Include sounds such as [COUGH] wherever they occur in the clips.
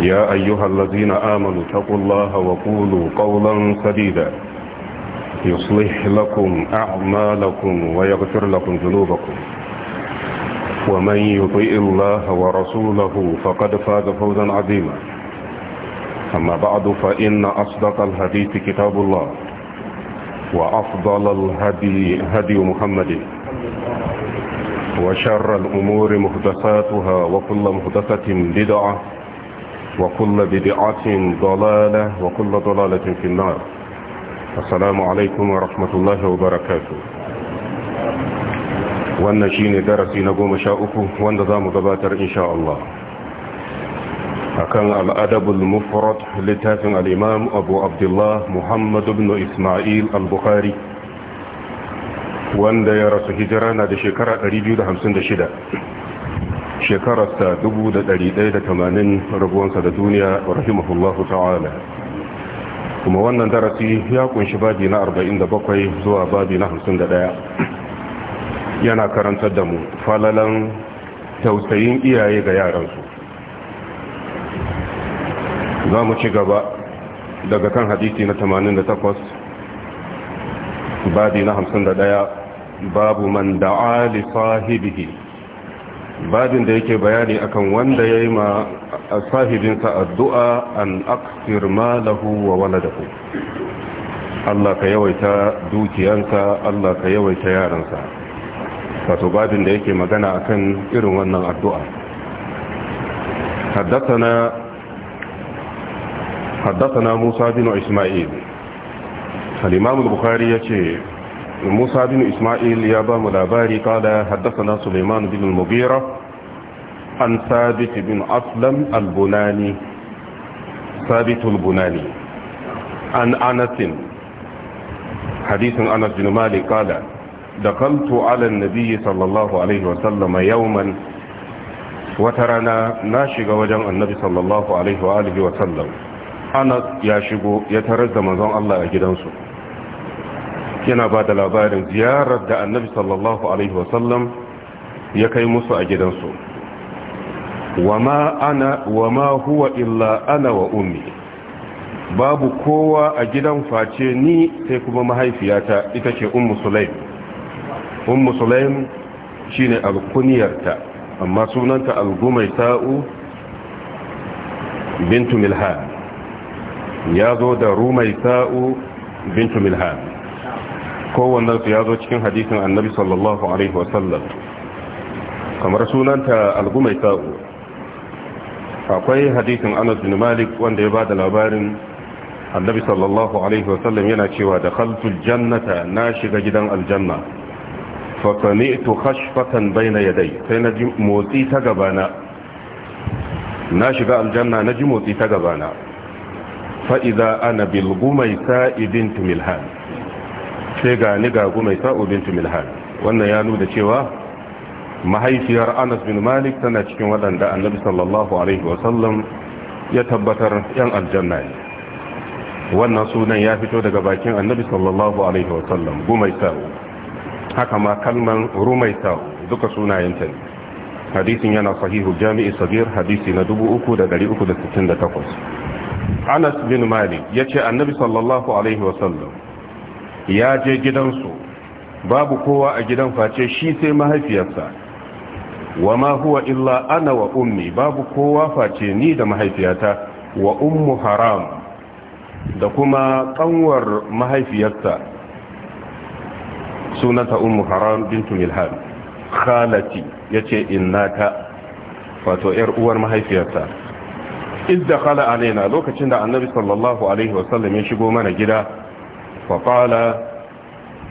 يا أيها الذين آمنوا اتقوا الله وقولوا قولا سديدا يصلح لكم أعمالكم ويغفر لكم ذنوبكم ومن يطيء الله ورسوله فقد فاز فوزا عظيما أما بعد فإن أصدق الحديث كتاب الله وأفضل الهدي هدي محمد وشر الأمور مهدساتها وكل مهدسة بدعة وكل بدعة ضلالة وكل ضلالة في النار السلام عليكم ورحمة wa barakatu. wannan shi ne darasi na goma sha uku wanda za mu gabatar insha Akan a kan al'adabul mufarad littafin al'imam abu abdullah muhammad ibn ismail al-bukhari wanda ya rasa hijira na da shekara shida. shekararsa 1180 rabuwansa da duniya rahimahullahu ta'ala kuma wannan darasi ya kunshi babi na 47 zuwa babi na 51 yana karantar da mu falalan tausayin iyaye ga yaransu za mu ci gaba daga kan hadisi na 88 babi na 51 babu man da'a li sahibihi babin da yake bayani akan wanda ya yi ma sahibinsa addu'a an aksir malahu wa waladahu Allah ka yawaita dukiyansa Allah ka yawaita yaransa wato babin da yake magana akan irin wannan addu'a حدثنا Musa موسى Isma'il. إسماعيل الإمام ya ce. musa bin isma'il ya bamu labari kada haddasa suleiman bin mugira an sabit bin aslam al-bunani an anasin hadisin anas bin malik kada دخلت على النبي صلى الله عليه وسلم يوما وترنا ناشق وجن النبي صلى الله عليه وآله وسلم أنا ياشق يترز من الله أجدنسه yana ba da labarin ziyarar da annabi sallallahu alaihi wasallam ya kai musu a gidansu wa ma huwa illa ana wa ummi babu kowa a gidan face ni sai kuma mahaifiyata ita ce ummu sulaim ummu sulaim shine alkuniyarta amma sunanta algumai sa'u bintu milhan ya zo da rumai sa'u bintu milhan kowannen su ya zo cikin hadisin annabi sallallahu alaihi wasallam kamar sunanta algumai sa'u akwai hadisin anas bin malik wanda ya bada labarin annabi sallallahu alaihi wasallam yana cewa da khaltul jannata na shiga gidan aljanna fa sami'tu khashfatan bayna yaday sai na ji motsi ta gabana na shiga aljanna na ji motsi ta gabana fa idza ana bil gumaysa ibn milhan sai ga ni ga mai sa'u bintu milhan wannan ya nuna cewa mahaifiyar anas bin malik tana cikin waɗanda annabi sallallahu alaihi wasallam ya tabbatar yan aljanna ne wannan sunan ya fito daga bakin annabi sallallahu alaihi wasallam gumai sa'u haka ma kalman rumai sa'u duka sunayenta ne hadisin yana sahihu jami'i sabir hadisi na 3368 anas bin malik ya ce annabi sallallahu alaihi wasallam ya je gidansu babu kowa a gidan face shi sai mahaifiyarsa wa ma huwa illa ana wa ummi babu kowa face ni da mahaifiyata wa ummu haram da kuma kanwar mahaifiyarsa sunanta ummu haram bintu milhan khalati yace innata wato yar uwar mahaifiyarsa idda khala alaina lokacin da annabi sallallahu alaihi wasallam ya shigo mana gida faƙala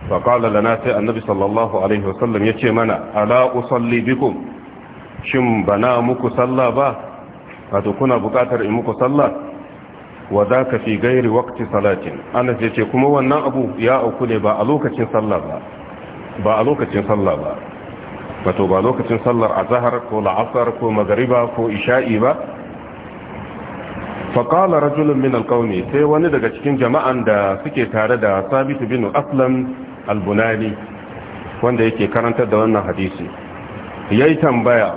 faƙala lana sai annabi sallallahu alaihi wasallam ya ce mana ala usalli bikum shin bana muku sallah ba wato kuna buƙatar in muku sallah wa za ka fi gairi wakti salatin anas ya kuma wannan abu ya auku ne ba a lokacin sallah ba ba a lokacin sallah lokacin sallar azahar ko la'asar ko magariba ko isha'i ba faƙala rajulun min alƙauni sai wani daga cikin jama'an da suke tare da sabitu bin aslam albunani wanda yake karantar da wannan hadisi ya yi tambaya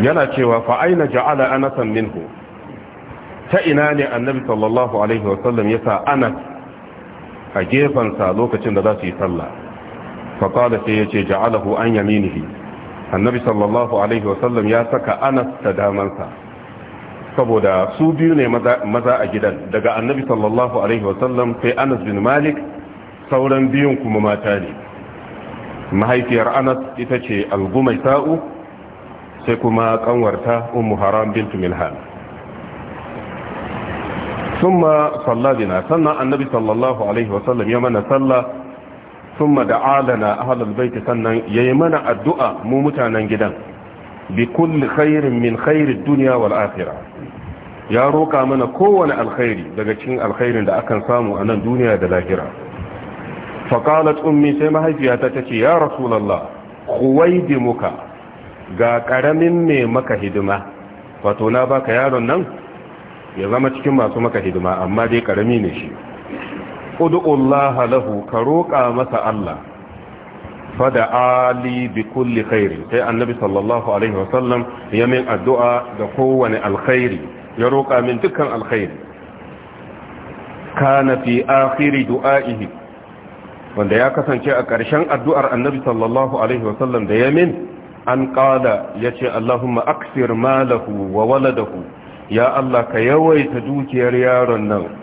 yana cewa fa'aina ja'ala anasan minhu ta ina ne annabi sallallahu alaihi wasallam ya sa anas a gefansa lokacin da za su yi sallah faƙala sai ya ce ja'alahu an yaminihi annabi sallallahu alaihi wasallam ya saka anas da damansa saboda su biyu ne maza a gidan daga annabi sallallahu alaihi wasallam sai anas bin malik sauran biyun kuma mata ne mahaifiyar anas ita ce algumai sa'u sai kuma kanwarta ummu haram bintu milhan ثم صلى بنا صلى النبي صلى الله thumma da'alana halar baita sannan ya yi mana addu'a mu mutanen gidan bi kulli khairin min khairid duniya wal akhirah ya roka mana kowane alkhairi daga cikin alkhairin da akan samu a nan duniya da lahira fa qalat ummi sai mahaifiyata tace ya kowai dimuka ga karamin me maka hidima wato na baka yaron nan ya zama cikin masu maka hidima amma dai karami ne shi udu'ullaha lahu ka roƙa masa Allah fada ali bi kulli khairi sai annabi sallallahu alaihi sallam ya min addu'a da kowane alkhairi ya roƙa min dukkan alkhairi kana fi akhiri du'aihi wanda ya kasance a ƙarshen addu'ar annabi sallallahu alaihi sallam da ya min an ƙada ya ce allahumma aksir malahu wa waladahu ya Allah ka yawaita dukiyar yaron nan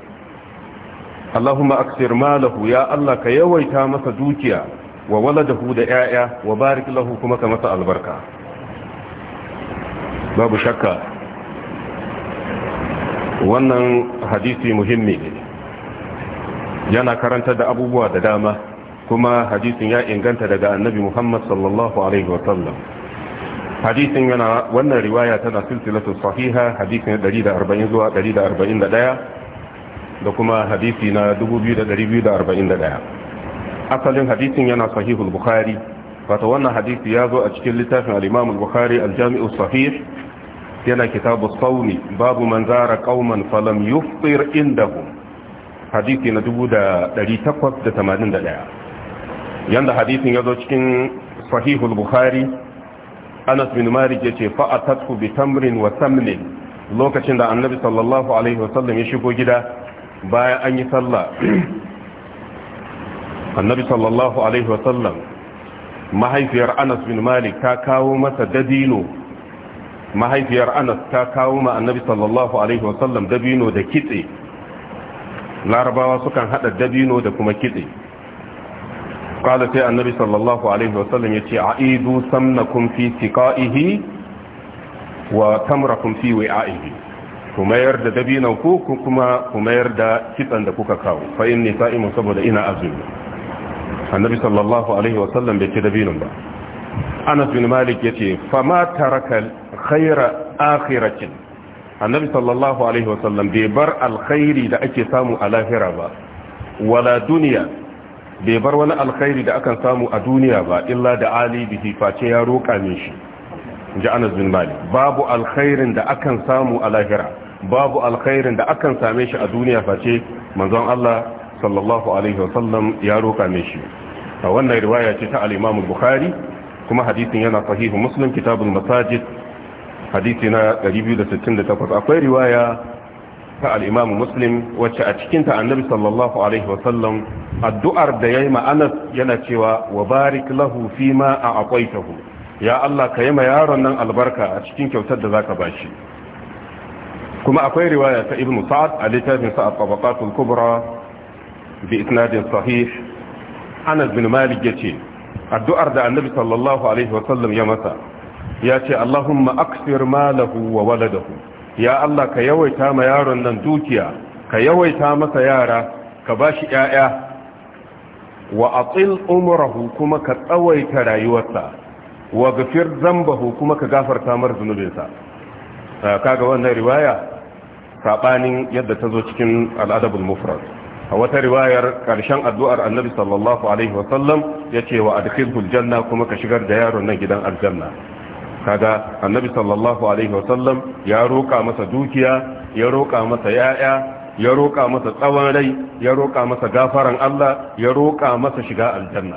Allahumma aksir malahu ya Allah ka yawaita masa dukiya wa waladahu da ƴaƴa wa barik lahu kuma ka masa albarka babu shakka wannan hadisi muhimmi ne yana karanta da abubuwa da dama kuma hadisin ya inganta daga annabi Muhammad sallallahu alaihi wa sallam hadisin yana wannan riwaya tana silsilatu sahiha hadisin 140 zuwa 141 da kuma hadisi na 2241 asalin hadisin yana sahihul bukhari wata wannan hadisi ya zo a cikin littafin al-imam al-bukhari al sahih yana kitabu sauni babu man zara qauman falam yufṭir indahum hadisi na 1881 yanda hadisin ya zo cikin sahihul bukhari anas bin malik yace fa atatku Bitamrin tamrin wa samnin lokacin da annabi sallallahu alaihi wasallam ya shigo gida bayan an yi sallah annabi sallallahu alaihi wasallam mahaifiyar anas bin malik ta kawo masa dabino. mahaifiyar anas ta kawo ma annabi sallallahu alaihi wasallam dabino da kitse larabawa sukan hada dabino da kuma kitse قال سي النبي صلى الله عليه وسلم يتي عيدوا سمنكم في سقائه وتمركم في وعائه ku mayar da dabinan ku kuma ku mayar da kitsan da kuka kawo fa inni sa'imun saboda ina azumi annabi sallallahu alaihi sallam bai ci dabinan ba anas bin malik yace fa ma taraka khayra akhiratin annabi sallallahu alaihi sallam bai bar alkhairi da ake samu a lahira ba wala duniya bai bar wani alkhairi da akan samu a duniya ba illa da ali bihi face ya roƙa min shi ji anas bin malik babu alkhairin da akan samu a lahira babu alkhairin da akan same shi a duniya face manzon Allah sallallahu alaihi wasallam ya roka me shi a wannan riwaya ce ta al-Imam Bukhari kuma hadisin yana sahihu Muslim kitabul masajid hadisi na 268 akwai riwaya ta al-Imam Muslim wacce a cikin ta Annabi sallallahu alaihi wasallam addu'ar da yayi ma Anas yana cewa wa barik lahu fima a'taitahu ya Allah ka yi ma yaron nan albarka a cikin kyautar da zaka bashi kuma akwai riwaya ta ibn sa'ad a littafin sa at-tabaqatul kubra bi isnadin sahih Anas bin Malik yace addu'ar da Annabi sallallahu alaihi wa sallam ya masa yace Allahumma aksir malahu wa waladahu ya Allah ka yawaita ma yaron nan dukiya ka yawaita masa yara ka bashi yaya wa atil umrahu kuma ka tsawaita rayuwarsa wa gafir zambahu kuma ka gafarta mar zunubinsa Ah, kaga wannan riwaya sabanin yadda ta zo cikin al'adabul mufrad a wata riwayar karshen addu'ar annabi sallallahu alaihi wasallam ya ce wa adkhilhul janna kuma ka shigar da yaron nan gidan aljanna kaga annabi sallallahu alaihi sallam ya roka masa dukiya ya roka masa yaya ya roƙa masa tsawon rai ya roƙa masa gafaran Allah ya roƙa masa shiga aljanna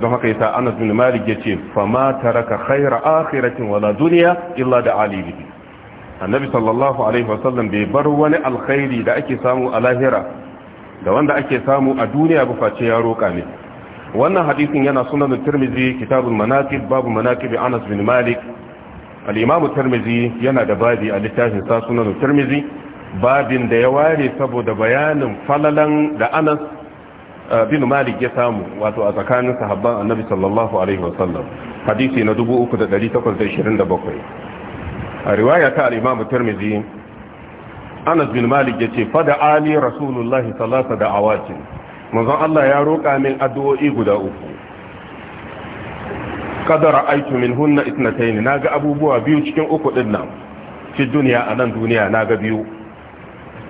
don haka yasa Anas bin Malik yace fa ma taraka khayra akhiratin wala dunya illa da alihi annabi sallallahu alaihi wasallam bai bar wani alkhairi da ake samu a lahira da wanda ake samu a duniya ba face ya roƙa ne wannan hadisin yana sunan tirmizi kitabul manaqib babu manaqib Anas bin Malik al-Imam tirmizi yana da babi a littafin sa sunan tirmizi babin da ya ware saboda bayanin falalan da Anas uh, bin Malik ya samu wato a tsakanin sahabban annabi sallallahu alaihi wasallam hadisi na 3827 a riwaya ta al-imam Anas bin Malik ya ce, fada ali rasulullahi salata da awacin mazan Allah ya roƙa min addu'o'i guda uku kadara aiki min hunna na ga abubuwa biyu cikin uku din nan fi duniya a nan duniya na ga biyu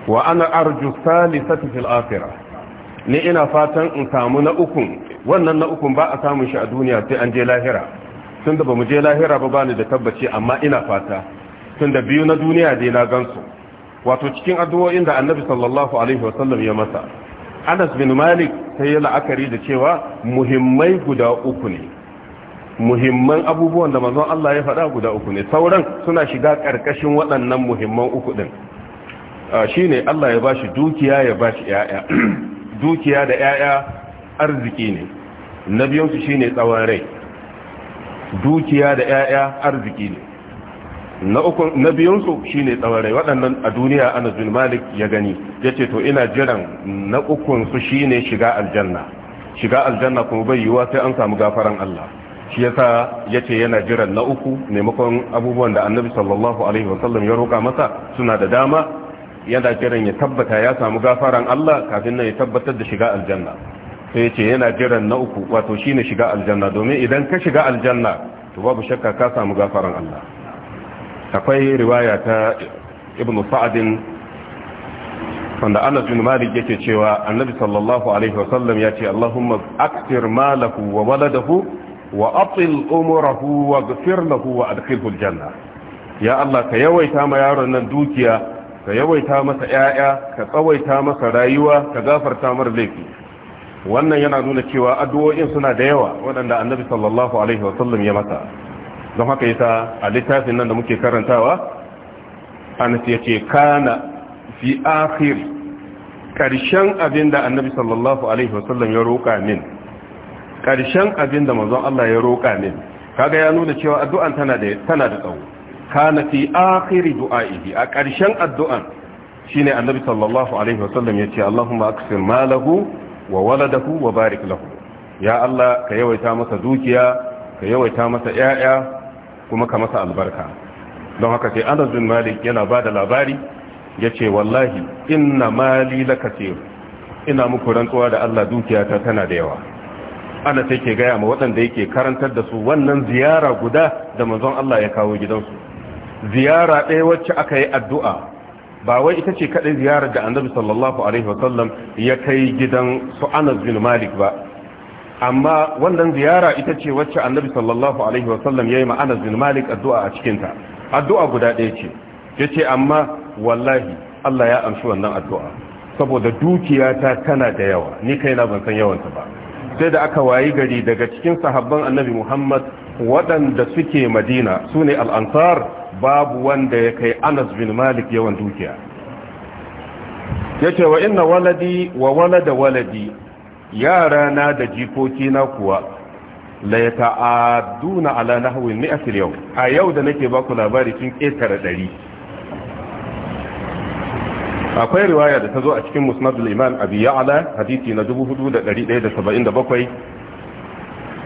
wa ana arju salisati fil afira ni ina fatan in samu na ukun wannan na ukun ba a samun shi a duniya sai an je lahira tunda bamu je lahira ba bani da tabbaci amma ina fata tunda biyu na duniya dai na gansu wato cikin addu'o'in da annabi sallallahu alaihi wasallam ya masa anas bin malik sai ya la'akari da cewa muhimmai guda uku ne muhimman abubuwan da manzon Allah ya faɗa guda uku ne sauran suna shiga ƙarƙashin waɗannan muhimman uku ɗin shi ne Allah ya bashi dukiya ya bashi ‘ya'ya [CLEARS THROAT] dukiya da ‘ya'ya arziki ne na biyunsu shi ne tsawon rai dukiya da ‘ya'ya arziki ne na biyunsu shi ne tsawarai waɗannan a duniya anas bin malik ya gani ya ce to ina jiran na ukunsu shi ne shiga aljanna shiga aljanna kuma bai yiwuwa sai an samu gafaran Allah shi yasa ya ce yana jiran na uku maimakon abubuwan da annabi sallallahu alaihi wasallam ya roƙa masa suna da dama yana jiran ya tabbata ya samu gafaran Allah kafin nan ya tabbatar da shiga aljanna sai ya ce yana jiran na uku wato shine shiga aljanna domin idan ka shiga aljanna to babu shakka ka samu gafaran Allah akwai riwaya ta ibn sa'adin wanda anas bin malik yake cewa annabi sallallahu alaihi wasallam ya ce allahumma aktir malahu wa waladahu wa atil umurahu wa ghfir lahu wa adkhilhu aljanna ya allah ka yawaita ma yaron nan dukiya ka yawaita masa yaya ka tsawaita masa rayuwa ka gafarta mar laifi wannan yana nuna cewa addu'o'in suna da yawa waɗanda annabi sallallahu alaihi wasallam ya masa don haka yi yasa a littafin nan da muke karantawa an ya ce kana fi akhir karshen abin da annabi sallallahu alaihi wasallam ya roƙa min karshen abin da manzon Allah ya roƙa min kaga ya nuna cewa addu'an tana da tana da tsawo kana fi akhir du'a'ihi a karshen addu'an shine annabi sallallahu alaihi wasallam ya ce Allahumma aksir malahu wa waladahu wa barik lahu ya Allah ka yawaita masa dukiya ka yawaita masa ƴaƴa kuma ka masa albarka don haka sai anas bin malik yana ba da labari ya ce wallahi inna mali lakasir ina muku rantsuwa da allah dukiyata tana da yawa Anas yake ke gaya ma waɗanda yake karantar da su wannan ziyara guda da manzon allah ya kawo gidansu ziyara ɗaya wacce aka yi addu'a ba wai ita ce kaɗai ziyarar da annabi sallallahu alaihi wasallam ya kai gidan su anas bin malik ba amma wannan ziyara ita ce wacce annabi sallallahu alaihi wasallam ya yi ma'ana bin malik addu'a a cikinta addu'a guda ɗaya ce ya ce amma wallahi allah ya amshi wannan addu'a saboda dukiyata tana da yawa ni kaina ban san yawanta ba sai da aka wayi gari daga cikin sahabban annabi muhammad waɗanda suke madina su ne al'ansar babu wanda ya kai anas bin malik yawan dukiya ya ce wa inna waladi wa walada waladi yara na da jikokina kuwa la yata'aduna ala nahwi mi'atil yau a yau da nake baku labari sun ƙetare ɗari akwai riwaya da ta zo a cikin musnadul imam abi ya'la hadisi na 4177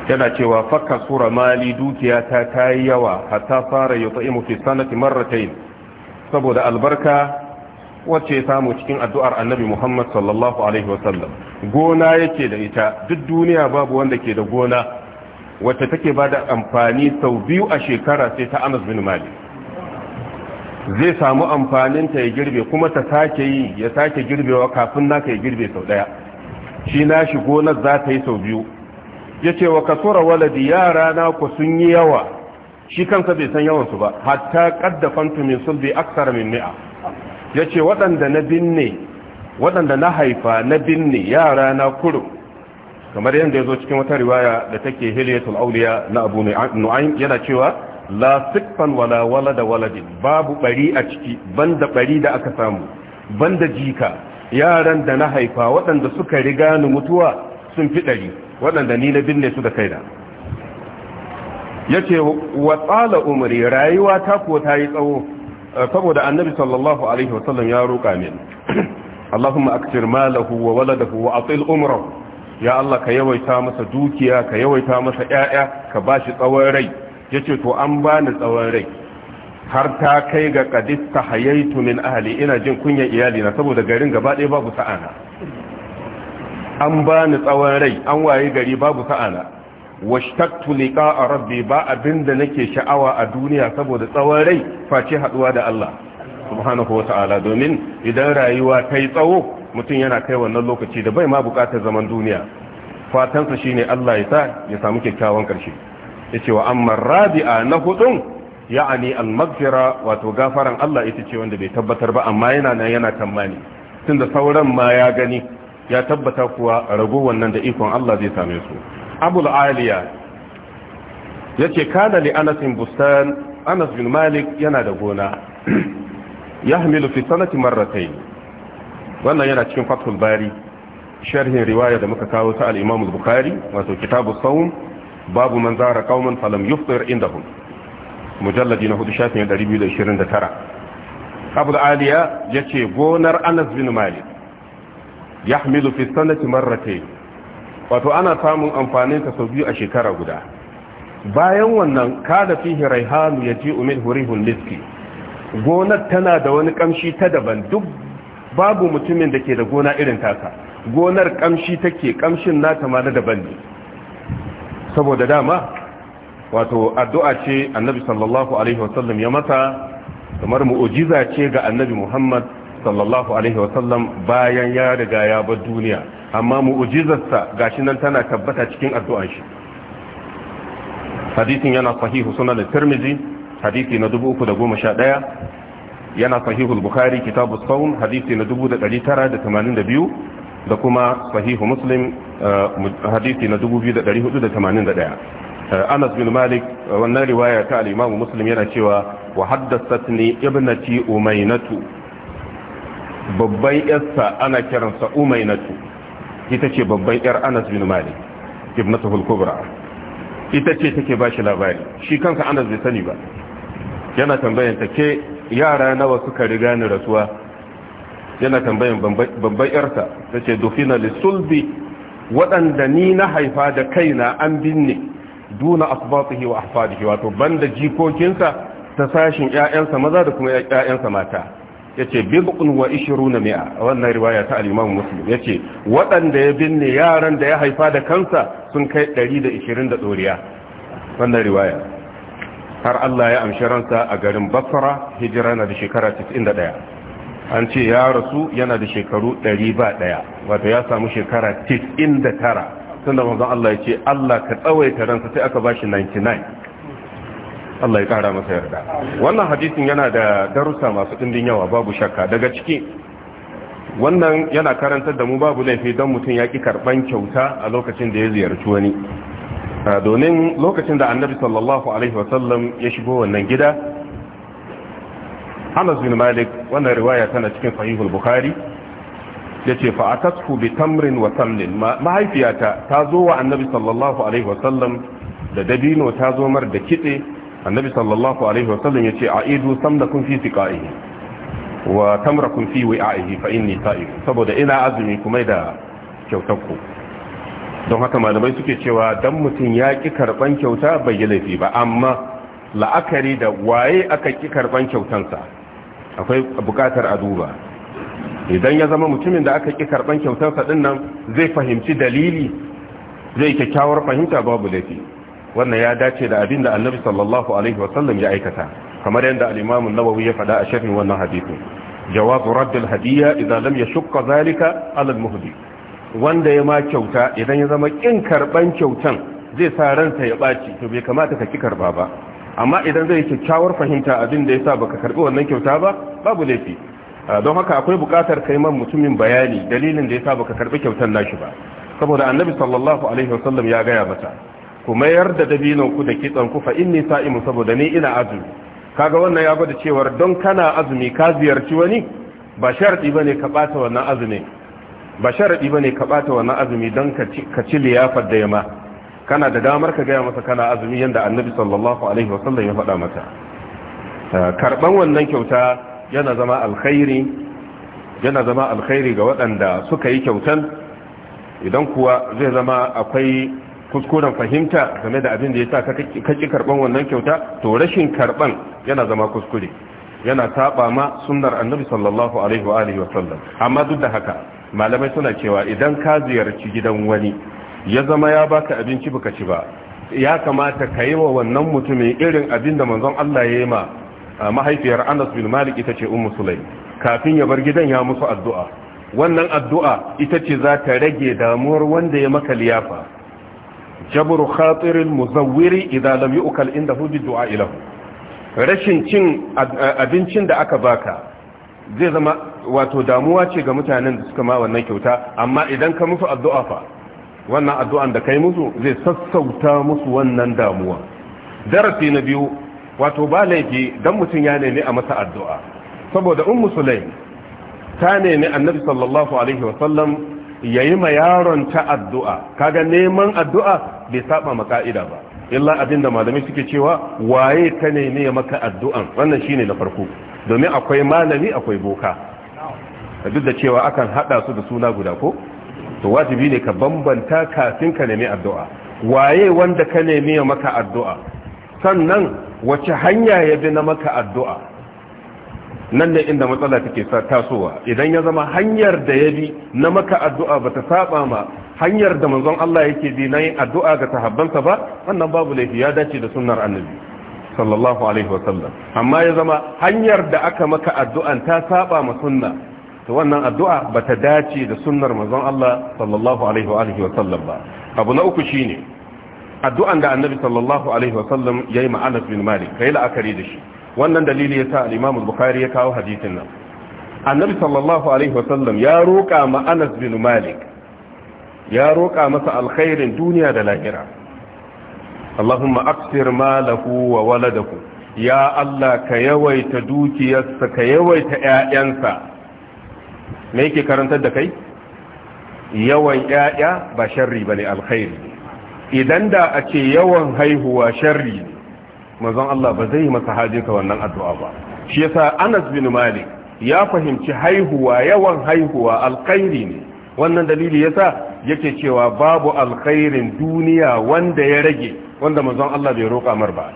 yana cewa fakka sura mali dukiya ta tayi yawa hatta fara yutaimu fi sanati marratayn saboda albarka wacce ya samu cikin addu'ar annabi Muhammad sallallahu Alaihi wasallam gona yake da ita duk duniya babu wanda ke da gona wacce take ba da amfani sau biyu a shekara sai ta Anas bin Malik zai samu amfaninta ya girbe kuma ta sake yi ya sake girbewa kafin naka ya girbe sau ɗaya shi na shi gonar za ta yi sau biyu ya ce wa kasura waladi yara na ku sun yi yawa shi kansa bai san yawansu ba hatta kaddafan tumin sulbi aksara min mi'a ya ce waɗanda na binne waɗanda na haifa na binne yara na kuru kamar yadda ya zo cikin wata riwaya da take hiliyatul auliya na abu nu'aim yana cewa la sikfan wala da waladin babu bari a ciki banda bari da aka samu banda jika yaran da na haifa waɗanda suka riga ni mutuwa sun fi ɗari waɗanda ni na binne su da kai da yace wa tsala umri rayuwa ta kuwa ta yi tsawo saboda annabi sallallahu alaihi sallam ya roƙa min Allahumma aktir malahu wa waladahu wa atil umrahu ya Allah ka yawaita masa dukiya ka yawaita masa ƴaƴa ka bashi tsawon rai yace to an bani tsawon rai har ta kai ga qadista hayaitu min ahli ina jin kunyan iyali na saboda garin gaba ɗaya babu sa'ana an bani tsawon rai an waye gari babu sa'ana washtattu liqa'a rabbi ba abin da nake sha'awa a duniya saboda tsawon rai face haduwa da Allah subhanahu wata'ala domin idan rayuwa kai tsawo mutum yana kai wannan lokaci da bai ma bukatar zaman duniya fatansa shine Allah ya sa ya samu kyakkyawan karshe yace wa amma rabi'a na hudun ya'ani al-maghfira wato gafaran Allah ita ce wanda bai tabbatar ba amma yana nan yana tammani tunda sauran ma ya gani ya tabbata kuwa ragowar wannan da ikon Allah zai same su abul aliya ya ce kana li anasin bustan anas bin malik yana da gona [CLEARS THROAT] ya hamilu fi sanati marratai wannan yana cikin fatul bari sharhin riwaya da muka kawo ta al-imam bukhari wato kitabu sawm babu man zara qauman falam inda hun mujallaji na hudu shafin 4229 abul aliya yace gonar anas bin malik yahmilu fi sanati marratai wato ana samun amfanin ta sau biyu a shekara guda bayan wannan kada hirai hannu ya ji umar hurihun liski gonar tana da wani kamshi ta daban duk babu mutumin da ke da gona irin tasa gonar kamshi take kamshin nata ma na daban ne saboda dama wato addu'a ce annabi sallallahu alaihi wasallam ya mata kamar mu'ujiza ce ga annabi muhammad sallallahu alaihi wasallam bayan ya riga ya bar duniya amma mu'jizarsa gashi nan tana tabbata cikin addu'an shi hadisin yana sahihu sunan tirmidhi hadisi na 311 yana sahihu bukhari kitabu sawm hadisi na 1982 da kuma sahihu muslim eh, hadisi na 2481 eh, Anas bin Malik wannan riwaya ta al-Imam Muslim yana cewa wa haddathatni ibnati Umaynatu babban yarsa ana kiransa umainatu ita ce babban yar anas bin malik al kubra ita ce take ba shi labari shi kanka anas bai sani ba yana tambayan ta ke yara nawa suka riga ni rasuwa yana tambayan babban yarsa tace ce dufina lisulbi waɗanda ni na haifa da kaina an binne duna asbatihi wa ahfadihi wato banda jikokinsa ta sashin ƴaƴansa maza da kuma ƴaƴansa mata yace bid'un wa 20 mi'a wannan riwaya ta al-Imam Muslim yace waɗanda ya binne yaran da ya haifa da kansa sun kai 120 da doriya wannan riwaya har Allah ya amshi ransa a garin Basra hijira na da shekara 91 an ce ya rasu yana da shekaru 101 wato ya samu shekara 99 tunda manzon Allah yace Allah ka tsawaita ransa sai aka bashi 99 Allah ya kara masa yarda wannan hadisin yana da darussa masu ɗin yawa babu shakka daga ciki wannan yana karantar da mu babu laifi don mutum ya ƙi karɓan kyauta a lokacin da ya ziyarci wani domin lokacin da annabi sallallahu alaihi wasallam ya shigo wannan gida Anas bin Malik wannan riwaya tana cikin sahihul Bukhari yace fa atasfu bi tamrin wa tamlin mahaifiyata ta zo wa annabi sallallahu alaihi wasallam da dabino ta zo mar da kitse annabi sallallahu alaihi wasallam ya ce a'idu kun fi siqa'i wa kun fi wi'a'i fa inni ta'ib saboda ina azumi kuma da kyautarku don haka malamai suke cewa dan mutum ya ki karban kyauta bai yi laifi ba amma la'akari da waye aka ki karban kyautansa akwai bukatar a duba idan ya zama mutumin da aka ki karban kyautansa sa dinnan zai fahimci dalili zai kyakkyawar fahimta babu laifi wannan ya dace da abin da annabi sallallahu alaihi wasallam ya aikata kamar yadda al-imam nawawi ya faɗa a sharhin wannan hadisi jawabu radd al-hadiyya idan lam yashqa zalika ala al-muhdi wanda ya ma kyauta idan ya zama kin karban kyautan zai sa ransa ya baci to bai kamata ka ki karba ba amma idan zai kyakkyawar fahimta abin da yasa baka karbi wannan kyauta ba babu laifi don haka akwai bukatar kai man mutumin bayani dalilin da yasa baka karbi kyautan nashi ba saboda annabi sallallahu alaihi wasallam ya gaya masa ku mayar da dabinon da kitsan ku fa inni sa'imu saboda ni ina azumi kaga wannan ya bada cewa don kana azumi ka ziyarci wani ba sharadi bane ka bata wannan azumi ba sharadi bane ka bata wannan azumi don ka ci ka ci liyafar da yama kana da damar ka gaya masa kana azumi yanda annabi sallallahu alaihi wasallam ya faɗa mata eh, karban wannan kyauta yana zama alkhairi yana zama alkhairi ga waɗanda suka yi kyautan idan kuwa zai zama akwai kuskuren fahimta game da abin da ya sa ka ki karban wannan kyauta to rashin karban yana zama kuskure yana saba ma sunnar annabi sallallahu alaihi wa alihi wa sallam amma duk da haka malamai suna cewa idan ka ziyarci gidan wani ya zama ya baka abinci baka ci ba ya kamata ka yi wa wannan mutumin irin abin da manzon Allah ya yi ma mahaifiyar Anas bin Malik ita ce Ummu Sulaim kafin ya bar gidan ya musu addu'a wannan addu'a ita ce za ta rage damuwar wanda ya maka liyafa jabru khatirin muzawiri idza lam yu'kal inda bi du'a ilahu rashin cin abincin da aka baka zai zama wato damuwa ce ga mutanen da suka ma wannan kyauta amma idan ka musu addu'a fa wannan addu'an da kai musu zai sassauta musu wannan damuwa darasi na biyu wato ba laifi dan mutum ya nemi a masa addu'a saboda ummu sulaim ta nemi annabi sallallahu alaihi wasallam yayi ma yaron ta addu'a kaga neman addu'a bai saba ma ka'ida ba illa abinda malamai suke cewa waye ka ne maka addu'an wannan shine na farko domin akwai malami akwai boka duk da cewa akan hada su da suna guda ko to wajibi ne ka bambanta kafin ka nemi addu'a waye wanda ka nemi maka addu'a sannan wace hanya ya bi na maka addu'a nan ne inda matsala take tasowa idan ya zama hanyar da ya bi na maka addu'a bata ta saba ma hanyar da manzon Allah yake bi na yin addu'a ga sahabbansa ba wannan babu laifi ya dace da sunnar annabi sallallahu alaihi wa sallam amma ya zama hanyar da aka maka addu'an ta saba ma sunna to wannan addu'a bata dace da sunnar manzon Allah sallallahu alaihi wa alihi wa sallam ba abu na uku shine addu'an da annabi sallallahu alaihi wa sallam yayi ma Anas bin Malik kai la'akari da shi wannan dalili yasa al-Imam al-Bukhari ya kawo hadisin nan Annabi sallallahu alaihi wasallam ya roƙa ma Anas bin Malik ya roƙa masa alkhairin duniya da lahira Allahumma aksir malahu wa waladahu ya Allah ka yawaita dukiyarsa ka yawaita ƴaƴansa me yake karantar da kai yawan ƴaƴa ba sharri bane alkhairi idan da a ce yawan haihuwa sharri ne manzon Allah ba zai masa hajinsa wannan addu'a ba shi yasa Anas bin Malik ya fahimci haihuwa yawan haihuwa alkhairi ne wannan dalili yasa yake cewa babu alkhairin duniya wanda ya rage wanda manzon Allah bai roƙa mar ba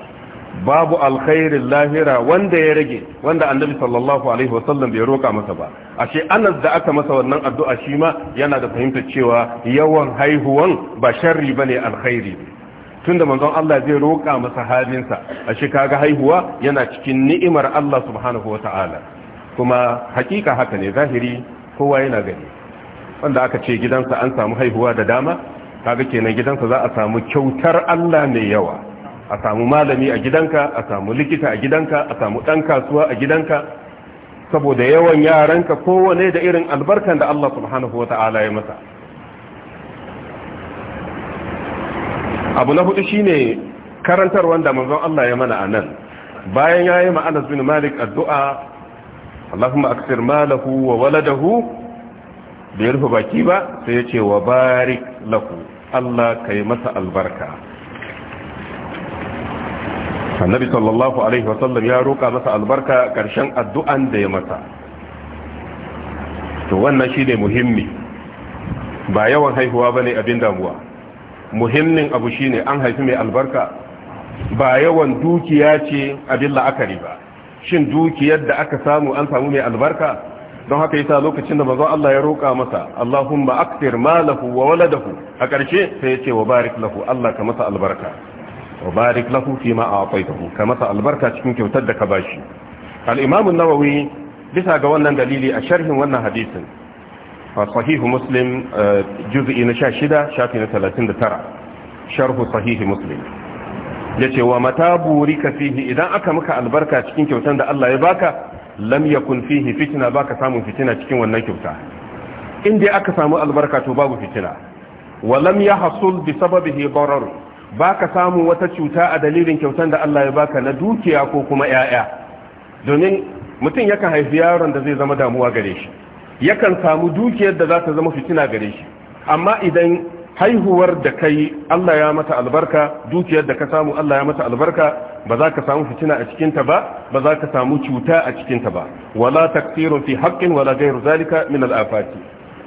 babu alkhairin lahira wanda ya rage wanda annabi sallallahu alaihi wasallam bai roƙa masa ba ashe Anas da aka masa wannan addu'a shi ma yana da fahimtar cewa yawan haihuwan ba sharri bane alkhairi ne tun da manzon Allah zai roƙa masa halinsa a shi kaga haihuwa yana cikin ni'imar Allah subhanahu wata'ala kuma hakika haka ne zahiri kowa yana gani wanda aka ce gidansa an samu haihuwa da dama kaga kenan gidansa za a samu kyautar Allah mai yawa a samu malami a gidanka a samu likita a gidanka a samu dan kasuwa a gidanka saboda yawan yaranka kowane da irin albarkan da Allah subhanahu wata'ala ya masa abu na hudu shine karantar wanda manzon Allah ya mana anan bayan yayi ma Anas bin Malik addu'a Allahumma malahu wa waladahu bai rufe baki ba sai ya ce wa barik lahu Allah kai masa albarka annabi sallallahu alaihi sallam ya roƙa masa albarka ƙarshen addu'an da ya masa to wannan shi ne muhimmi ba yawan haihuwa ba ne abin damuwa muhimmin abu shine an haifi mai albarka ba yawan dukiya ce abin la'akari ba shin dukiyar da aka samu an samu mai albarka don haka yasa lokacin da manzo Allah ya roƙa masa Allahumma aktir malahu wa waladahu a ƙarshe sai ya ce wa barik lahu Allah ka masa albarka wa barik lahu fi ma a'taytahu ka masa albarka cikin kyautar da ka bashi al-imam an-nawawi bisa ga wannan dalili a sharhin wannan hadisin sahihu muslim uh, juz'i na 16 shafi na 39 sharhu sahihi muslim yace wa mata burika fihi idan aka maka albarka cikin kyautan da Allah ya baka lam yakun fihi fitna baka samu fitina cikin wannan kyauta in dai aka samu albarka to babu fitina wa lam hasul bi sababihi darar baka samu wata cuta a dalilin kyautan da Allah ya baka na dukiya ko kuma yaya domin mutum yaka haifi yaron da zai zama damuwa gare shi yakan samu dukiyar da za ta zama fitina gare shi amma idan haihuwar da kai Allah ya mata albarka dukiyar da ka samu Allah ya mata albarka ba za ka samu fitina a cikinta ba ba za ka samu cuta a cikinta ba wala taksirun fi haqqin wala ghayru zalika min al'afati afati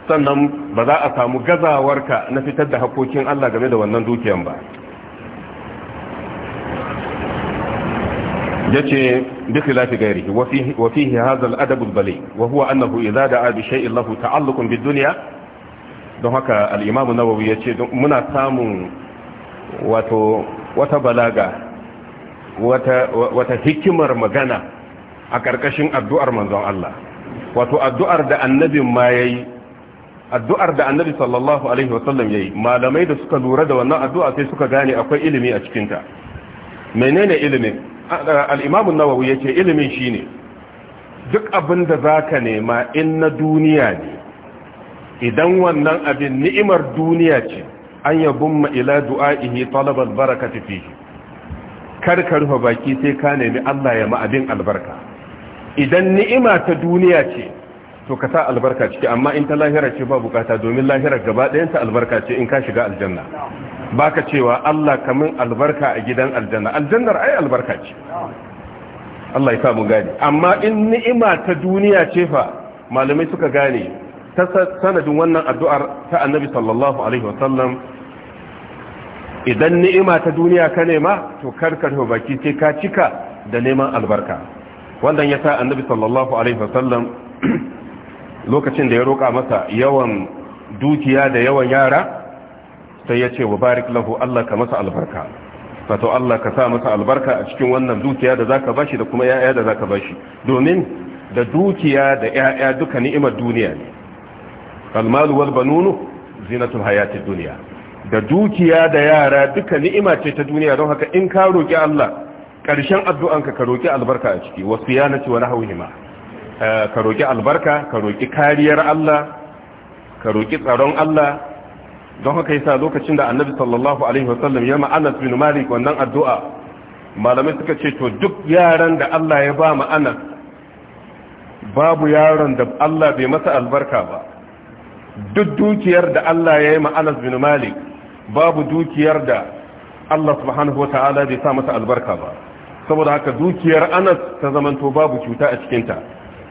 sannan ba za a samu gazawarka na fitar da haƙƙoƙin Allah game da wannan dukiyar ba yace bi khilafi gairihi wa fihi wa fihi hadha al-adab al-bali wa huwa annahu idza da'a bi shay'in lahu ta'alluqun bid-dunya don haka al-imam an-nawawi yace muna samun wato wata balaga wata wata hikimar magana a karkashin addu'ar manzon Allah wato addu'ar da annabin ma yayi addu'ar da annabi sallallahu alaihi wa wasallam yayi malamai da suka lura da wannan addu'a sai suka gane akwai ilimi a cikinta menene ilimin al'imamun nawawi ya ce ilimin shine duk abin da zaka nema in na duniya ne idan wannan abin ni'imar duniya ce an yabun ila du'a'ihi talabar baraka tafi karka rufe baki sai ka nemi allah ya ma'abin albarka idan ni'ima ta duniya ce to ka sa albarka ciki amma in ta lahira ce ba bukata domin lahira gaba ta albarka ce in ka shiga aljanna baka cewa Allah kamin albarka a gidan aljanna aljannar ai albarka ce Allah ya mu gane amma in ni'ima ta duniya ce fa malamai suka gane ta sanadin wannan addu'ar ta annabi sallallahu alaihi wasallam idan ni'ima ta duniya ka nema to karkar baki sai ka cika da neman albarka wannan ya sa annabi sallallahu alaihi wasallam [CLEARS THROAT] lokacin da ya roƙa masa yawan dukiya da yawan yara sai ya ce wa barik lahu Allah ka masa albarka wato Allah ka sa masa albarka a cikin wannan dukiya da zaka bashi da kuma yaya da zaka bashi domin da dukiya da yaya duka ni'imar duniya ne almalu wal banunu zinatul hayatid dunya da dukiya da yara duka ni'ima ce ta duniya don haka in ka roki Allah karshen addu'anka ka roki albarka a ciki wasu yana ce wani hauhima eh, ka roki albarka ka roki kariyar Allah ka roki tsaron Allah don haka yasa lokacin da annabi sallallahu alaihi wasallam ya ma'anas bin malik wannan addu'a malamai suka ce to duk yaran da Allah ya ba ma'anas babu yaron da Allah bai masa albarka ba duk dukiyar da Allah ya yi ma'anas bin malik babu dukiyar da Allah subhanahu wa ta'ala bai sa masa albarka ba saboda haka dukiyar anas ta zamanto babu cuta a cikinta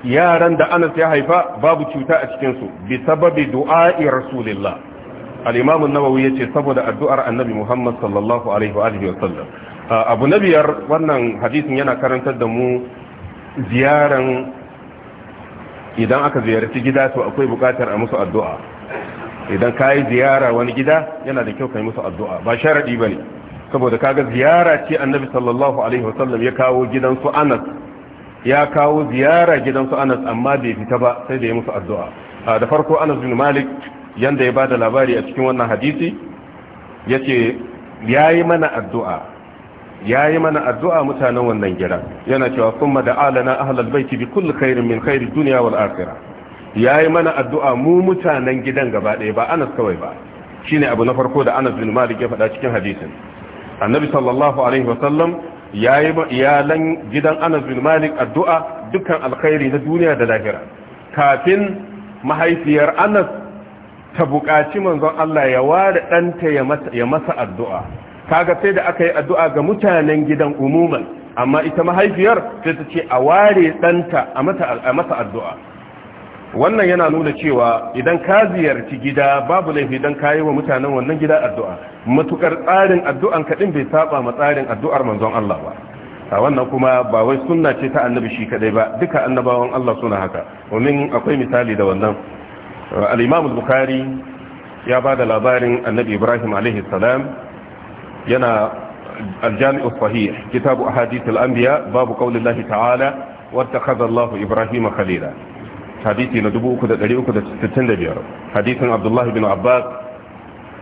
yaran da anas ya haifa babu cuta a cikinsu bi sababi du'a'i rasulillah Alimamu imam an-nawawi saboda addu'ar annabi Muhammad sallallahu alaihi wa sallam abu wannan hadisin yana karantar da mu ziyaran idan aka ziyarci gida to akwai bukatar a musu addu'a idan ka yi ziyara wani gida yana da kyau ka yi musu addu'a ba sharaɗi ba ne saboda kaga ziyara ce annabi sallallahu alaihi wasallam ya kawo gidansu anas ya kawo ziyara gidansu anas amma bai fita ba sai da ya musu addu'a da farko anas bin malik yanda ya bada labari a cikin wannan hadisi ya yi mana addu'a yi mana addu'a mutanen wannan gida yana cewa kuma da alana ahlal baiti bi kulli khairin min khairi duniya wal ya yi mana addu'a mu mutanen gidan gaba ɗaya ba Anas kawai ba shine abu na farko da Anas bin Malik ya faɗa cikin hadisin annabi sallallahu alaihi sallam ya yi iyalan gidan anas bin malik addu'a dukkan alkhairi na duniya da lahira kafin mahaifiyar anas ta buƙaci manzon Allah ya ware ɗanta ya masa addu'a kaga sai da aka yi addu'a ga mutanen gidan umuman amma ita mahaifiyar sai ta ce a ware ɗanta a masa addu'a wannan yana nuna cewa idan ka ziyarci gida babu laifi don ka yi wa mutanen wannan gida addu'a matuƙar tsarin addu'an kaɗin bai saba ma tsarin addu'ar manzon Allah ba a wannan kuma ba wai suna ce ta annabi shi kaɗai ba duka annabawan Allah suna haka domin akwai misali da wannan الإمام البخاري يا بعد الأبار النبي إبراهيم عليه السلام ينا الجامع الصحيح كتاب أحاديث الأنبياء باب قول الله تعالى واتخذ الله إبراهيم خليلا حديث ندبوك دليوك تتندبير حديث عبد الله بن عباد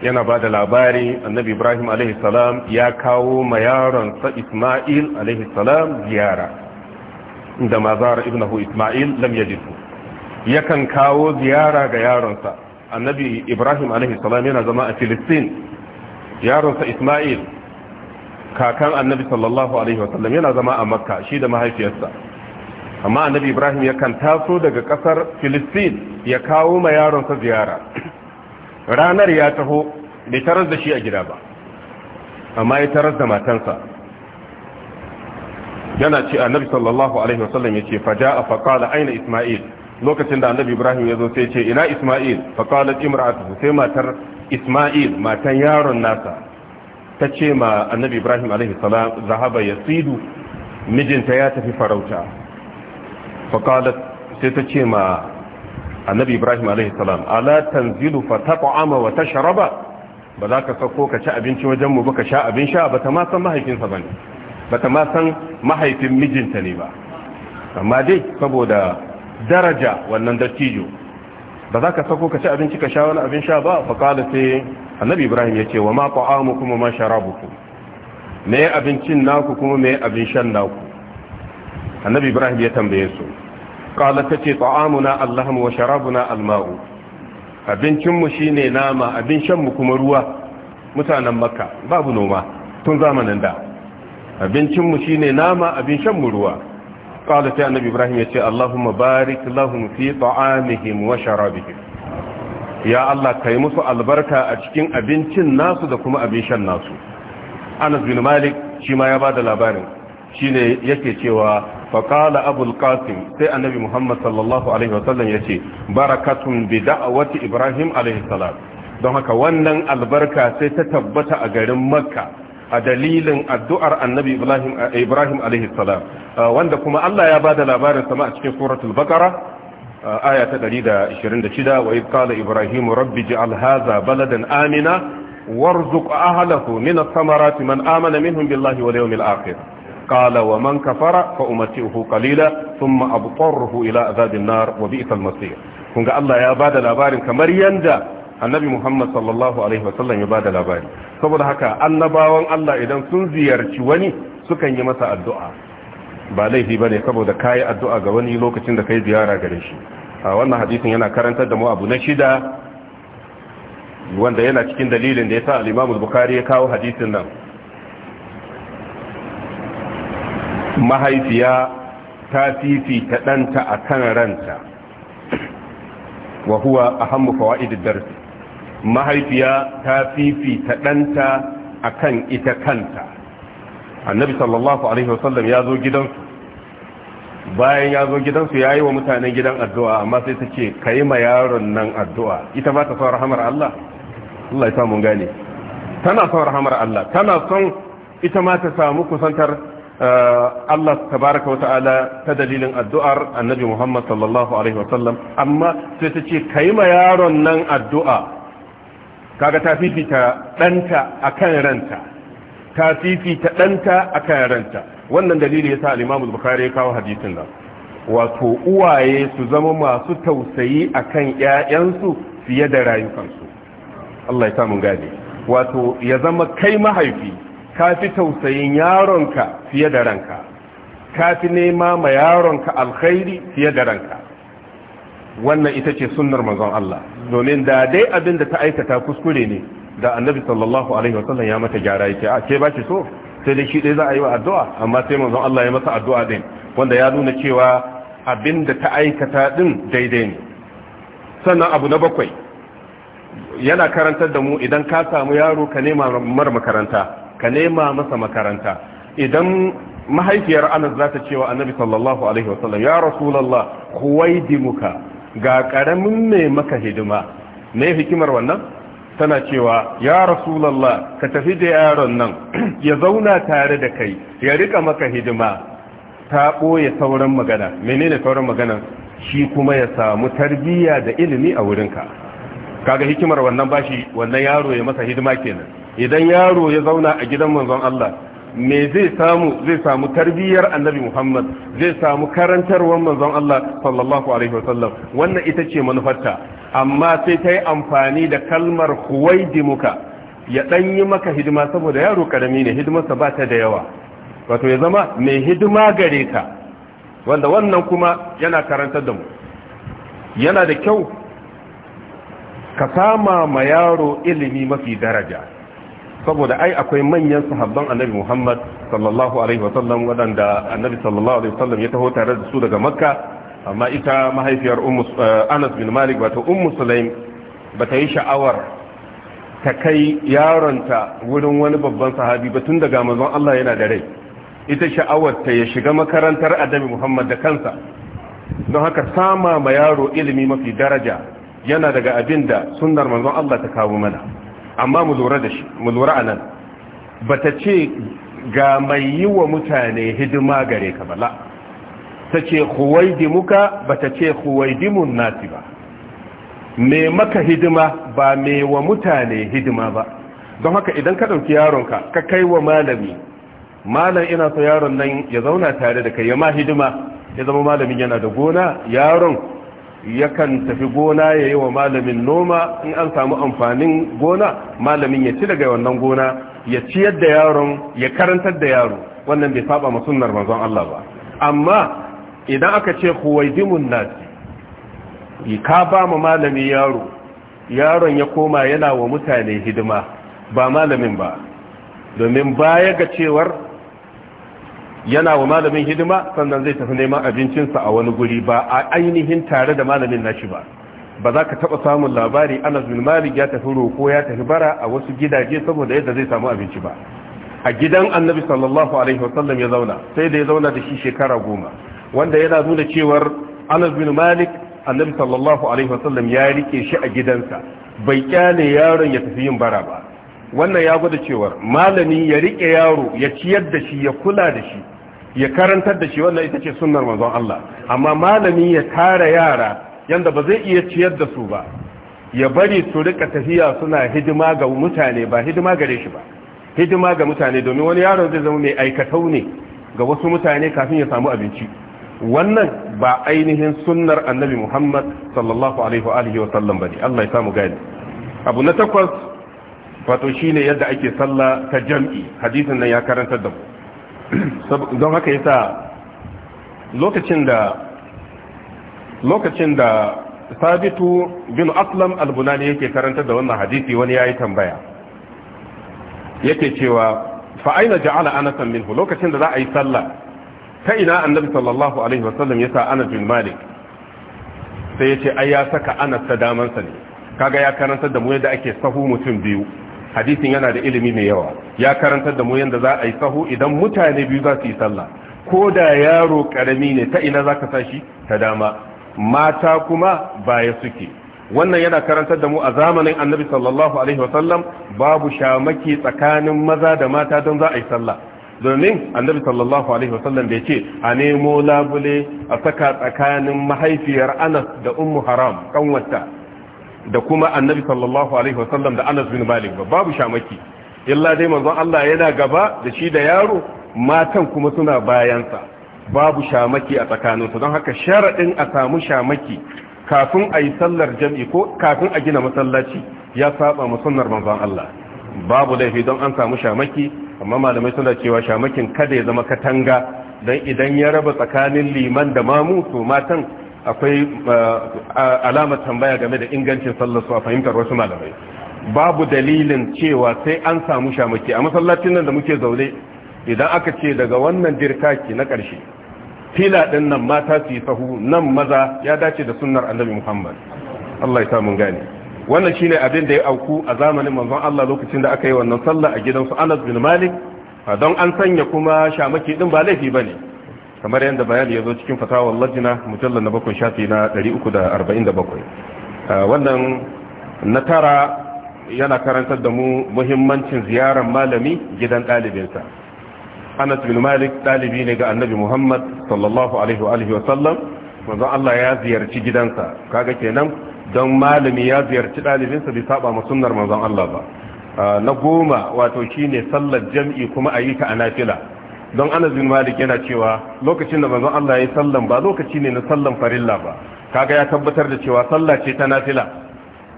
ينا بعد الأبار النبي إبراهيم عليه السلام يا كاو ميارا إسماعيل عليه السلام زيارة عندما زار ابنه إسماعيل لم يجده yakan kawo ziyara ga yaronsa annabi ibrahim alaihi salam yana zama a filistin yaronsa isma'il kakan annabi sallallahu alaihi wasallam yana zama a makka shi da mahaifiyarsa amma annabi ibrahim yakan taso daga kasar filistin ya kawo ma yaronsa ziyara ranar ya taho bai tarar da shi a gida ba amma ya tarar da matansa yana ce annabi sallallahu alaihi wasallam ya ce faja a da aina isma'il lokacin da annabi ibrahim ya zo sai ce ina isma'il fa qalat imra'atuhu sai matar isma'il matan yaron nasa ta ce ma annabi ibrahim alaihi salam zahaba yasidu mijinta ya tafi farauta fa qalat sai ta ce ma annabi ibrahim alaihi salam ala tanzilu fa tat'ama wa tashraba ba za ka sako ka ci abinci wajen mu ba ka sha abin sha ba ta ma san mahaifinsa bane ba ta ma san mahaifin mijinta ne ba amma dai saboda daraja wannan dattijo ba za ka sako ka ci abinci ka sha wani abin sha ba fa kala sai annabi ibrahim ya ce wa ma kuma ma ku? me abincin naku kuma me abin shan naku annabi ibrahim ya tambaye su kala ta ce ta'amuna allahum wa sharabuna alma'u Abincin mu shine nama abin shan mu kuma ruwa mutanen makka babu noma tun zamanin da abincin mu shine nama abin shan mu ruwa qala sai annabi ibrahim ya ce allahumma barik lahum fi ta'amihim wa sharabihim ya allah kai musu albarka a cikin abincin nasu da kuma abin shan nasu anas bin malik shi ma ya bada labarin shine yake cewa fa qala abul qasim sai annabi muhammad sallallahu alaihi wasallam yace barakatun bi da'wati ibrahim alaihi salam don haka wannan albarka sai ta tabbata a garin makka a dalilin addu'ar annabi Ibrahim Ibrahim wanda kuma Allah ya ba da labarin sama a cikin suratul bakara aya ta 126 wa qala ibrahim rabbi ji alhaza baladan amina warzuq ahlahu mina samarati man amana minhum billahi wal yawmil akhir qala wa man kafara fa umatihu qalila thumma abqarruhu ila adhabin nar wa bi'sa masir kunga Allah ya bada labarin kamar yanda annabi Muhammad sallallahu alaihi wasallam ya bada labari saboda haka annabawan Allah idan sun ziyarci wani sukan yi masa addu'a ba laifi bane saboda kai addu'a ga wani lokacin da kai ziyara gare shi a wannan hadisin yana karantar da mu abu na shida wanda yana cikin dalilin da yasa al-Imam bukhari ya kawo hadisin nan mahaifiya ta fifita ɗanta akan ranta wa huwa ahammu fawaidid darsi mahaifiya ta fifita ɗanta kan ita kanta annabi sallallahu alaihi wasallam ya zo gidansu bayan ya zo gidansu ya yi wa mutanen gidan addu'a amma sai ta ce ka yi ma yaron nan addu'a ita ba ta son rahamar Allah Allah ya samu gane tana son rahamar Allah tana son ita ma ta samu kusantar eh, Allah Ta baraka wata'ala ta dalilin addu'ar annabi Muhammad sallallahu alaihi wasallam amma sai ta ce ka yi ma yaron nan addu'a kaga ta fifita ɗanta akan ranta ta fifita ɗanta akan ranta wannan dalili yasa al-Imam al-Bukhari ya kawo hadisin nan wato uwaye su zama masu tausayi kan 'ya'yansu fiye da rayukansu Allah ya samun gane wato ya zama kai mahaifi ka fi tausayin yaronka fiye da ranka ka fi nema ma yaronka alkhairi fiye da ranka wannan ita ce sunnar manzon Allah domin da dai abin da ta aikata kuskure ne da annabi sallallahu alaihi wasallam ya mata gyara yake a ce ba shi so sai dai shi dai za a yi wa addu'a amma sai manzon Allah ya masa addu'a din wanda ya nuna cewa abin da ta aikata din daidai ne sannan abu na bakwai yana karantar da mu idan ka samu yaro ka nema mar makaranta ka nema masa makaranta idan mahaifiyar anas za ta cewa annabi sallallahu alaihi wasallam ya rasulullah huwaidimuka ga karamin mai maka hidima me hikimar wannan tana cewa ya rasulullah ka tafi da yaron nan [CLEARS THROAT] ya zauna tare da kai ya rika maka hidima ta ɓoye sauran magana menene sauran magana shi kuma ya samu tarbiyya da ilimi a wurinka kaga hikimar wannan bashi wannan yaro ya masa hidima kenan idan yaro ya zauna a gidan manzon Allah me zai samu zai samu tarbiyyar annabi muhammad zai samu karantarwar manzon allah sallallahu alaihi wasallam wannan ita ce manufarta amma sai ta yi amfani da kalmar huwaidimuka ya ɗan yi maka hidima saboda yaro karami ne hidimarsa ba ta da yawa wato ya zama mai hidima gare ka wanda wannan kuma yana karantar da mu yana da kyau ka sama ma yaro ilimi mafi daraja saboda ai akwai manyan sahabban annabi Muhammad sallallahu alaihi wasallam wadanda annabi sallallahu alaihi wasallam ya taho tare da su daga makka amma ita mahaifiyar eh, Anas bin Malik wato ummu Sulaim bata yi sha'awar ta kai yaronta wurin wani babban sahabi ba tun daga mazan Allah yana da rai ita sha'awar ta ya shiga makarantar adami Muhammad da kansa don haka sama ma yaro ilimi mafi daraja yana daga abin da sunnar manzon Allah ta kawo mana amma mu lura da shi mu lura a nan ba ta ce ga mai yi wa mutane hidima gare ka bala ta ce huwaidimuka ba ta ce mun nasi ba me maka hidima ba me wa mutane hidima ba don haka idan ka ɗauki yaronka ka kai wa malami malam ina so yaron nan ya zauna tare da kai ya ma hidima ya zama malamin yana da gona yaron yakan tafi gona ya yi wa malamin noma in an samu amfanin gona malamin ya ci daga wannan gona ya ciyar da yaron ya karantar da yaro wannan bai saba ma sunnar manzon Allah ba amma idan aka ce huwaidimun nasi ka ba ma malami yaro yaron ya koma yana wa mutane hidima ba malamin ba domin baya ga cewar yana wa malamin hidima sannan zai tafi neman abincinsa a wani guri ba a ainihin tare da malamin nashi ba ba za ka taɓa samun labari anas bin malik ya tafi roko ya tafi bara a wasu gidaje saboda yadda zai samu abinci ba a gidan annabi sallallahu alaihi wasallam ya zauna sai da ya zauna da shi shekara goma wanda yana nuna cewar anas bin malik annabi sallallahu alaihi wasallam ya rike shi a gidansa bai kyale yaron ya tafi yin bara ba wannan ya gwada cewar malami ya rike yaro ya ciyar da shi ya kula da shi ya karantar da shi wannan ita ce sunnar manzon Allah amma malami ya tara yara yanda ba zai iya ciyar da su ba ya bari su rika tafiya suna hidima ga mutane ba hidima gare shi ba hidima ga mutane domin wani yaro zai zama mai aikatau ne ga wasu mutane kafin ya samu abinci wannan ba ainihin sunnar annabi Muhammad sallallahu alaihi wa alihi wa sallam bane Allah ya samu gani abu na takwas wato ne yadda ake sallah ta jam'i hadisin nan ya karantar da mu don haka yasa lokacin da lokacin da sabitu bin aslam al-bunani yake karantar da wannan hadisi wani ya yi tambaya yake cewa fa aina ja'ala anasan minhu lokacin da za a yi sallah ta ina annabi sallallahu alaihi wasallam sa ana bin malik sai ya ce ai ya saka anas ta damansa ne kaga ya karantar da mu yadda ake sahu mutum biyu hadisin yana da ilimi mai yawa ya karantar da mu yanda za a yi sahu idan mutane biyu za su yi sallah ko da yaro karami ne ta ina za ka sa shi ta dama mata kuma baya suke wannan yana karantar da mu a zamanin annabi sallallahu alaihi wasallam babu shamaki tsakanin maza da mata don za a yi sallah domin annabi sallallahu alaihi wasallam bai ce a nemo labule a saka tsakanin mahaifiyar anas da ummu haram kanwata da kuma annabi sallallahu alaihi wasallam da anas bin malik ba babu shamaki illa dai manzon Allah yana gaba da shi da yaro matan kuma suna bayansa babu shamaki a tsakaninsu don haka sharaɗin a samu shamaki kafin a yi sallar jam'i ko kafin a gina masallaci ya saba musunnar manzon Allah babu laifi don an samu shamaki amma malamai suna cewa shamakin kada ya zama katanga don idan ya raba tsakanin liman da mamu to matan akwai eh, alamar tambaya game da ingancin sallar su a fahimtar wasu malamai babu dalilin cewa sai an samu shamaki a masallacin nan da muke zaune idan aka ce daga wannan dirkaki na ƙarshe fila ɗin nan mata su yi sahu nan maza ya dace da sunar annabi muhammad allah ya samun gane wannan shine abin da ya auku a zamanin manzon allah lokacin da aka yi wannan sallah a gidansu anas bin malik don an sanya kuma shamaki ɗin ba laifi ba ne kamar yadda bayani ya zo cikin fatawar lajina mujallar na bakwai shafi na 347 wannan na tara yana karantar da mu muhimmancin ziyarar malami gidan ɗalibinsa anas bin malik ɗalibi ne ga annabi muhammad sallallahu alaihi wa alihi wasallam manzo Allah ya ziyarci gidansa kaga kenan don malami ya ziyarci ɗalibinsa bai saba ma sunnar manzon Allah ba na goma wato shine sallar jam'i kuma a yi ta a nafila don anas bin malik yana cewa lokacin da manzon Allah ya yi sallan ba lokaci ne na sallan farilla ba kaga ya tabbatar da cewa sallah ce ta nafila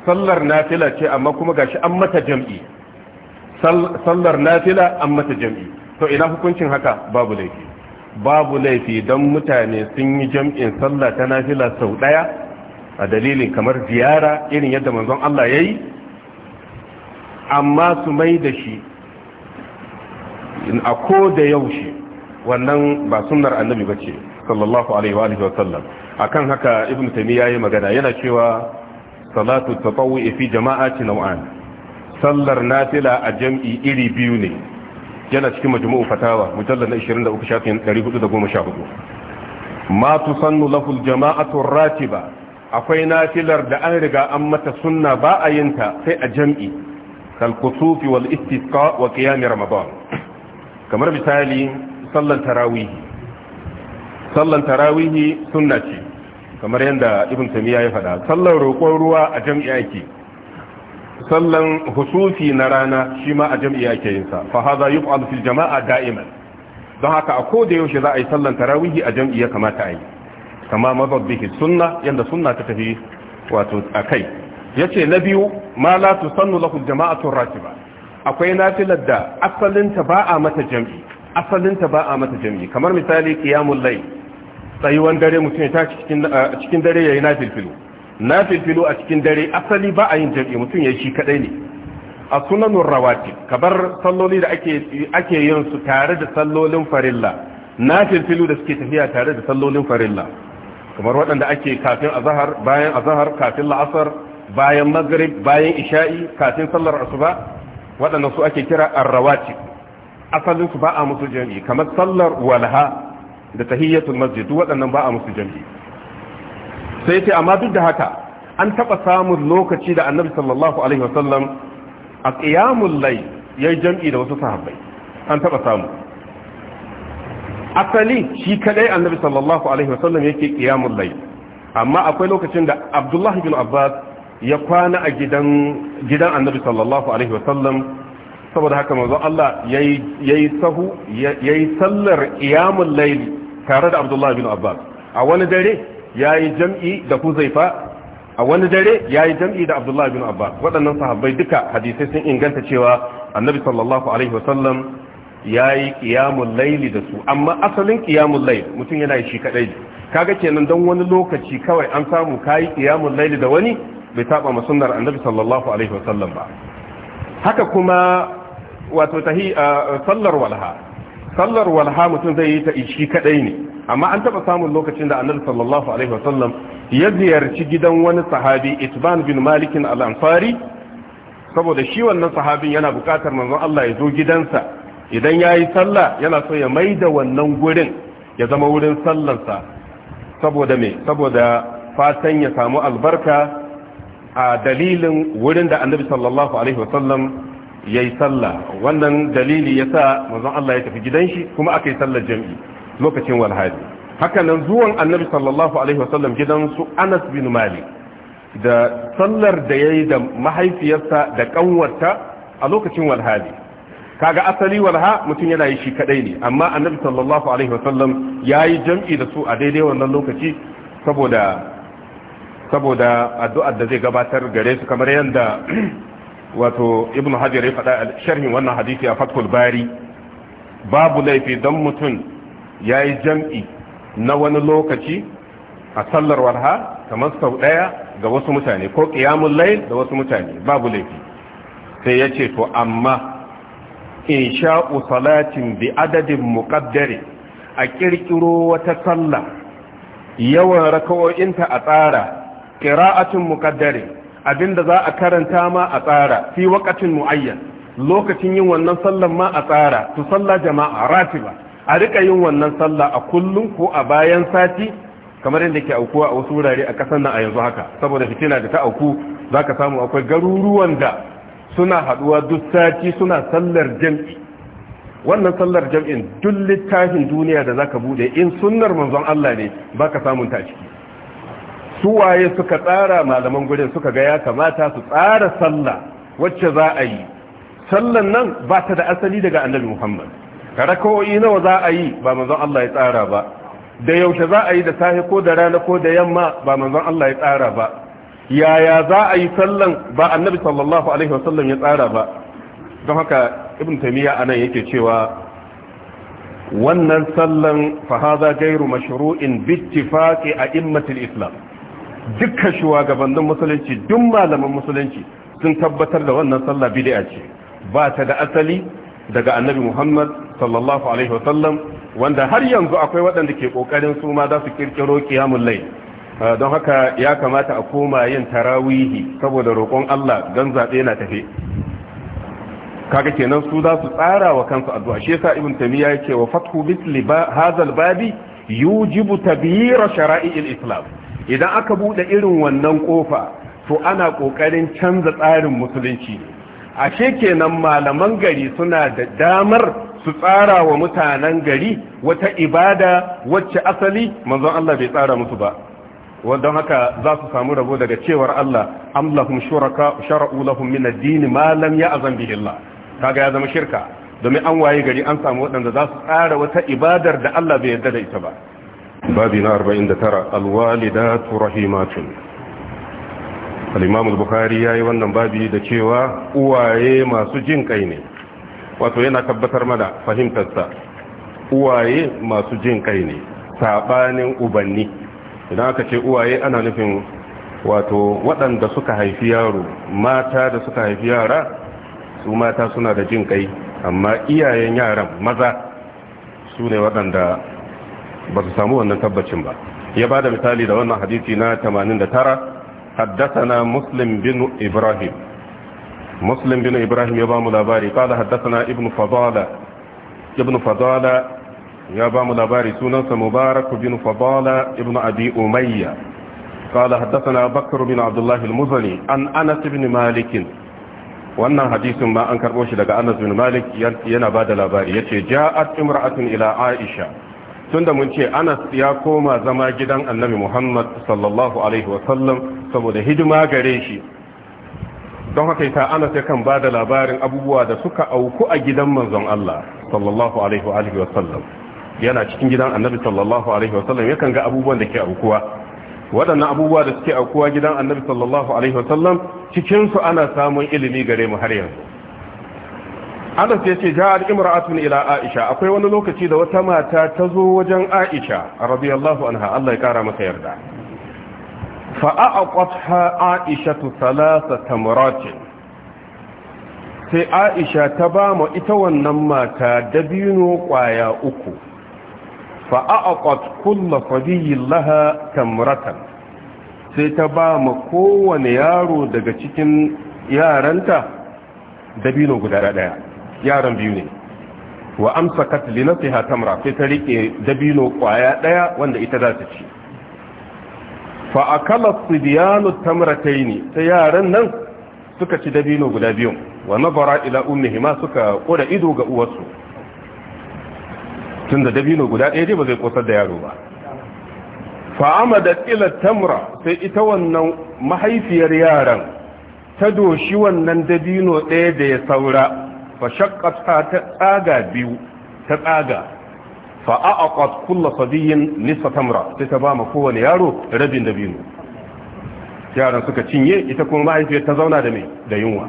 sallar nafila ce amma kuma gashi an mata jam'i sallar nafila an mata jam'i to ina hukuncin haka babu laifi babu laifi don mutane sun yi jam'in sallah ta nafila sau daya a dalilin kamar ziyara irin yadda manzon Allah ya yi amma su mai da shi a ko da yaushe wannan ba sunnar annabi ba ce sallallahu alaihi wa alihi A kan haka ibn ya yi magana yana cewa salatu tatawwi fi jama'ati naw'an sallar nafila a jam'i iri biyu ne yana cikin majmu'u fatawa mujallal na 23 shafin 414 ma sannu lahu aljama'atu ratiba akwai nafilar da an riga an mata sunna ba a yinta sai a jam'i kal kusufi wal istisqa wa qiyam ramadan kamar misali sallan tarawihi sallan tarawihi sunna ce kamar yadda ibn tamiya ya faɗa sallan roƙon ruwa a jam'i ake sallan husufi na rana shi ma a jam'i ake yinsa sa fa hadha yuf'al fil jama'a da'iman don haka a koda yaushe za a yi sallan tarawihi a jam'i ya kamata a yi kama mazhab bihi sunna yanda sunna ta tafi wato akai yace na biyu ma la tusannu lahu jama'atu ratiba akwai nafilar da asalinta ba a mata jam'i asalinta ba a mata jam'i kamar misali qiyamul layl tsayuwan dare mutum ya tashi cikin cikin dare yayin nafilfilu nafilfilu a cikin dare asali ba a yin jam'i mutum yayi shi kadai ne a sunanur rawatib kabar salloli da ake ake yin su tare da sallolin farilla nafilfilu da suke tafiya tare da sallolin farilla kamar waɗanda ake kafin azhar bayan azhar kafin la'asar bayan maghrib bayan isha'i kafin sallar asuba waɗannan su ake kira arrawati asalin su ba a musu jami'i kamar sallar walha da tahiyyatul masjid duk waɗannan ba a musu jami'i sai ce amma duk da haka an taɓa samun lokaci da annabi sallallahu alaihi wasallam a qiyamul ya yi jami'i da wasu sahabbai an taɓa samu asali shi kadai annabi sallallahu alaihi wasallam yake qiyamul layl amma akwai lokacin da Abdullahi bin Abbas ya kwana a gidan annabi sallallahu alaihi wasallam saboda haka manzo Allah yayi sahu yayi sallar qiyamul layl tare da Abdullahi bin Abbas a wani dare yayi jam'i da Huzaifa a wani dare yayi jam'i da Abdullahi bin Abbas waɗannan sahabbai duka hadisai sun inganta cewa annabi sallallahu alaihi wasallam yayi qiyamul laili da su amma asalin qiyamul layl mutum yana shi kadai kaga kenan dan wani lokaci kawai an samu kai qiyamul laili da wani bai saba ma annabi sallallahu alaihi wasallam ba haka kuma wato tahi sallar walha sallar walha mutum zai yi ta ishi kadai ne amma an taba samun lokacin da annabi sallallahu alaihi wasallam ya ziyarci gidan wani sahabi itban bin malik al-ansari saboda shi wannan sahabin yana bukatar manzon Allah ya zo gidansa idan yayi sallah yana so ya maida wannan gurin ya zama wurin sallarsa saboda me saboda fatan ya samu albarka a dalilin wurin da annabi sallallahu alaihi wasallam ya sallah wannan dalili yasa sa Allah ya tafi gidan shi kuma aka yi sallar jam'i lokacin walhadi haka nan zuwan annabi sallallahu alaihi wasallam gidan su anas bin malik da sallar da yayi da mahaifiyarsa da kanwarta a lokacin walhadi kaga asali walha mutum yana yi shi kadai ne amma annabi sallallahu alaihi wasallam ya yi jam'i da su a daidai wannan lokaci saboda saboda addu'ar da zai gabatar gare su kamar yadda [CLEARS THROAT] wato ibn hajar ya faɗa sharhin wannan hadisi a fatkul bari babu laifi don mutum ya yi jam'i na wani lokaci a sallar warha kamar sau ɗaya ga wasu mutane ko ƙiyamun lai da wasu mutane babu laifi sai ya ce to amma in sha'u salatin bi adadin muƙaddare a ƙirƙiro wata sallah yawan raka'o'inta a tsara qira'atun muqaddari abinda za a karanta ma a tsara fi waqatin muayyan lokacin yin wannan sallan ma a tsara to salla jama'a ratiba a rika yin wannan sallah a kullum ko a bayan sati kamar yadda ke aukuwa a wasu wurare a kasar nan a yanzu haka saboda fitina da ta auku zaka samu akwai garuruwan da suna haduwa duk sati suna sallar jam'i wannan sallar jam'in duk littafin duniya da zaka bude in sunnar manzon Allah ne baka samun ta ciki suwaye suka tsara malaman gurin suka ga ya kamata su tsara sallah wacce za a yi sallan nan ba ta da asali daga annabi muhammad rakawoyi nawa za a yi ba manzon Allah ya tsara ba da yaushe za a yi da safe ko da rana ko da yamma ba manzon Allah ya tsara ba yaya za a yi sallan ba annabi sallallahu alaihi wasallam ya tsara ba don haka ibn tamiya anan yake cewa wannan sallan fa hadha ghairu mashru'in bi ittifaqi a'immatil islam dukkan shugabannin musulunci duk malaman musulunci sun tabbatar da wannan sallah bid'a ce ba ta da asali daga annabi Muhammad sallallahu alaihi wasallam wanda har yanzu akwai waɗanda ke kokarin su ma za su kirkiro qiyamul layl ah, don haka ya kamata a koma yin tarawihi saboda roƙon Allah gan zabe na tafe kaga kenan su za su tsara wa kansu addu'a shi yasa ibn tamiya yake wa fathu misli hadha babi yujibu tabyir shara'i al-islam idan aka bude irin wannan kofa to ana kokarin canza tsarin musulunci ashe kenan malaman gari suna da damar su tsara wa mutanen gari wata ibada wacce asali manzon Allah bai tsara musu ba don haka za su samu rabo daga cewar Allah amlahum shuraka shara'u lahum min ad-din ma lam ya'zam bihi Allah kaga ya zama shirka domin an waye gari an samu waɗanda za su tsara wata ibadar da Allah bai yarda da ita ba babi na 49 alwalidatu rahimatun al-imam al-bukhari yayi wannan babi da cewa uwaye masu jin kai ne wato yana tabbatar mana fahimtar uwaye masu jin kai ne Saɓanin ubanni idan aka ce uwaye ana nufin wato waɗanda suka haifi yaro mata da suka haifi yara su mata suna da jin kai amma iyayen yaran maza su ne waɗanda ba su samu wannan tabbacin ba ya ba da misali da wannan hadisi na 89 haddasana muslim bin ibrahim muslim bin ibrahim ya ba mu labari kala haddasana ibn fadala ibn fadala ya ba mu labari sunansa mubarak bin fadala ibn abi umayya قال حدثنا بكر بن عبد الله المزني عن أنس بن مالك وأن حديث ما أنكر بوشي لك أنس بن مالك ينباد الأباري يتي جاءت امرأة ila aisha. tunda mun ce anas ya koma zama gidan annabi muhammad sallallahu alaihi wasallam saboda hidima gare shi don haka ita anas ya kan ba da labarin abubuwa da suka auku a gidan manzon allah sallallahu alaihi wasallam yana cikin gidan annabi sallallahu alaihi wasallam kan ga abubuwan da ke aukuwa waɗannan abubuwa da suke aukuwa gidan annabi sallallahu alaihi wasallam cikinsu ana samun ilimi gare mu har yanzu anas ya ce ja'ar imra'atun ila aisha akwai wani lokaci da wata mata ta zo wajen aisha radiyallahu anha Allah ya kara masa yarda fa aqatha aisha salasa tamrat sai aisha ta ba mu ita wannan mata dabino kwaya uku fa aqat kullu fadiyyin laha tamuratan, sai ta ba mu kowane yaro daga cikin yaranta dabino guda ɗaya. yaran biyu ne wa amsakat li nafsiha tamra sai ta riƙe dabino kwaya ɗaya wanda ita za ta ci fa akala sibyanu ne sai yaran nan suka ci dabino guda biyu wa nazara ila ummihima suka koda ido ga uwarsu tunda dabino guda ɗaya dai ba zai ƙosar da yaro ba da ila tamra sai ita wannan mahaifiyar yaran ta doshi wannan dabino ɗaya da ya saura fa shaqqata ta tsaga biyu ta tsaga fa aqat kullu sadiyin nisfa tamra sai ta ba ma kowane yaro rabin da dabino yaran suka cinye ita kuma mahaifiyar ta zauna da mai da yunwa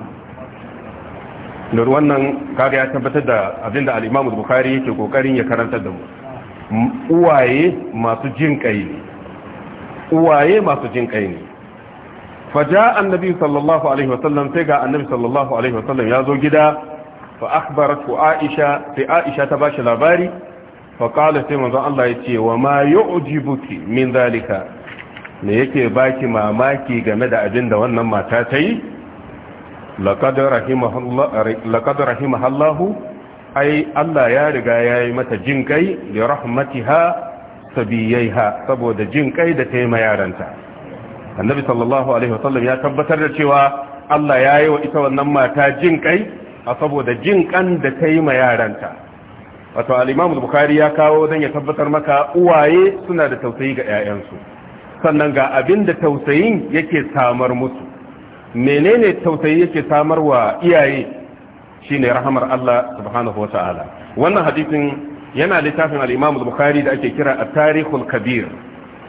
da wannan kaga ya tabbatar da abin da imam Bukhari yake kokarin ya karantar da mu uwaye masu jin kai uwaye masu jin kai ne faja annabi sallallahu alaihi wasallam sai ga annabi sallallahu alaihi wasallam ya zo gida fa akhbaratu aisha sai aisha ta ba shi labari fa qala sai manzo Allah yace wa ma yu'jibuki min zalika me yake baki mamaki game da abin da wannan mata ta yi laqad rahimaha Allah ai Allah ya riga yayi mata jin kai li rahmatiha sabiyaiha saboda jin kai da ta yi yaranta annabi sallallahu alaihi wasallam ya tabbatar da cewa Allah ya yi wa ita wannan mata jin kai a saboda jin kan da ta yi ma yaranta wato al'imamu imam ya kawo dan ya tabbatar maka uwaye suna da tausayi ga 'ya'yansu sannan ga abin da tausayin yake samar musu menene tausayi yake samar wa iyaye Shi ne rahamar Allah subhanahu wa ta'ala wannan hadisin yana littafin al'imamu imam da ake kira a tarihul Kabir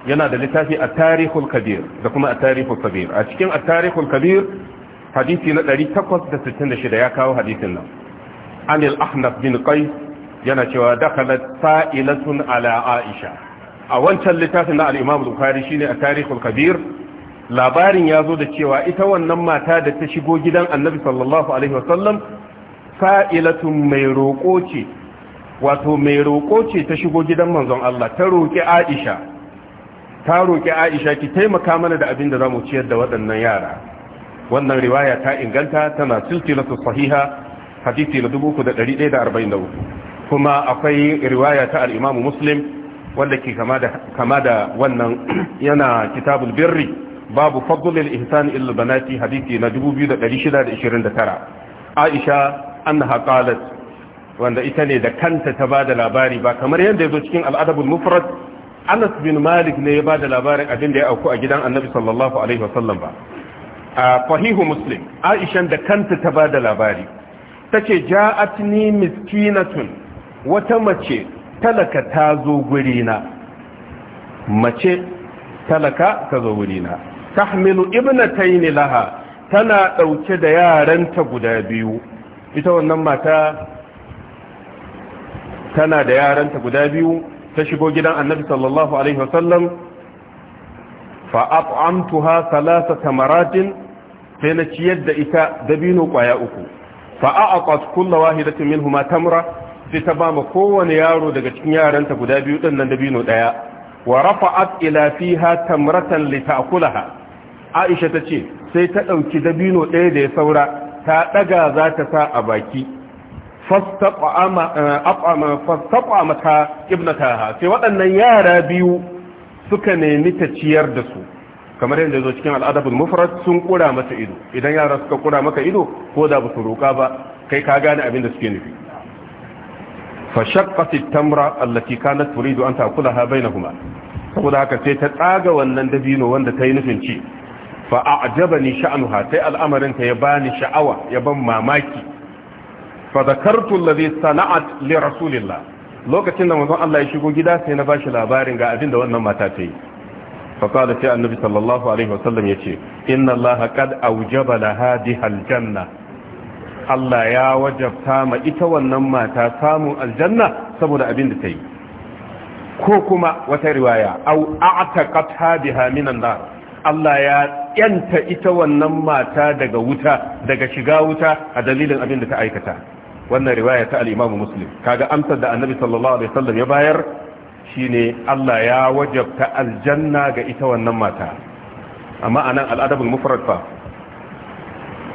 yana da littafi a tarihul Kabir da kuma a tarihul Kabir a cikin a tarihul Kabir hadisi na 866 ya kawo hadisin nan anil ahnaf bin qais yana cewa dakalat sa'ilatun ala aisha a wancan littafin na al-imam bukhari shine a tarihul kabir labarin ya zo da cewa ita wannan mata da ta shigo gidan annabi sallallahu alaihi wasallam sa'ilatun mai roƙo ce wato mai roƙo ce ta shigo gidan manzon Allah ta roƙi Aisha ta roƙi Aisha ki taimaka mana da abin da zamu ciyar da waɗannan yara wannan riwaya ta inganta tana silsilatu sahiha hadisi na 3143 kuma akwai riwaya ta al-Imam Muslim wanda ke kama da kama da wannan [CLEARS THROAT] yana kitabul birri babu fadlul ihsan ila banati hadisi na 2629 Aisha annaha qalat wanda ita ne da kanta ta bada labari ba kamar yadda yazo cikin al-adabul mufrad Anas bin Malik ne ya bada labarin abin da ya auku a gidan Annabi sallallahu alaihi wasallam ba a fahihu muslim aishan da kanta ta ba da labari ta ce ja'atni miskinatun wata mace talaka ta zo gurina mace talaka ta zo gurina tahmilu ibnatayn laha tana ɗauke da yaranta guda biyu ita wannan mata tana da yaranta guda biyu ta shigo gidan annabi sallallahu alaihi wasallam fa at'amtuha thalathata maratin sai na ciyar da ita dabino kwaya uku fa aqat kullu wahidatin minhuma tamra sai ta ba ma kowane yaro daga cikin yaranta guda biyu din nan dabino daya wa rafa'at ila fiha tamratan ta'kulaha Aisha ta ce sai ta dauki dabino daya da ya saura ta daga za ta sa a baki fastaqama eh, ta ibnataha sai waɗannan yara biyu suka nemi ta ciyar da su kamar yadda zo cikin al'adabul mufrad sun kura masa ido idan yara suka kura maka ido ko da ba su roka ba kai ka gane abin da suke nufi fa shaqqat at-tamra allati kanat turidu an ta'kulaha bainahuma saboda haka sai ta tsaga wannan dabino wanda ta yi nufin ci fa a'jabani sha'nuha sai al'amarin ta ya bani sha'awa ya ban mamaki fa zakartu alladhi sana'at li rasulillah lokacin da manzon Allah ya shigo gida sai na bashi labarin ga abin da wannan mata ta yi fasada sai annabi sallallahu alaihi wasallam yace inna allaha qad awjaba laha dihal janna Allah ya wajabta ma ita wannan mata samun aljanna saboda abin da yi, ko kuma wata riwaya aw a'taqat hadiha minan Allah ya yanta ita wannan mata daga wuta daga shiga wuta a dalilin abin da ta aikata wannan riwaya ta al-Imam Muslim kaga amsar da annabi sallallahu alaihi wasallam ya bayar shine Allah ya wajabta aljanna ga ita wannan mata amma anan al'adabul mufrad fa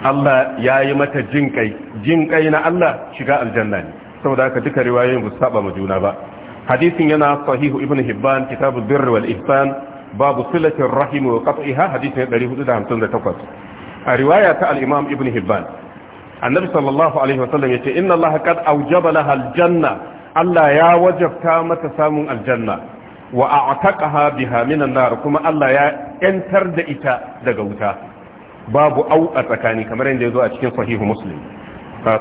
Allah ya yi mata jin kai jin kai na Allah shiga aljanna ne saboda haka duka riwayoyin ba saba ma juna ba hadisin yana sahihu Ibn hibban kitabul birr wal ihsan babu silatir rahim wa qat'iha hadisin 458 a riwaya ta al-imam hibban annabi sallallahu alaihi wasallam yace inna Allah qad awjaba laha janna Allah ya wajabta mata samun aljanna wa a'taqaha biha minan nar kuma Allah ya yantar da ita daga wuta babu au a tsakani kamar yadda ya zo a cikin sahihu muslim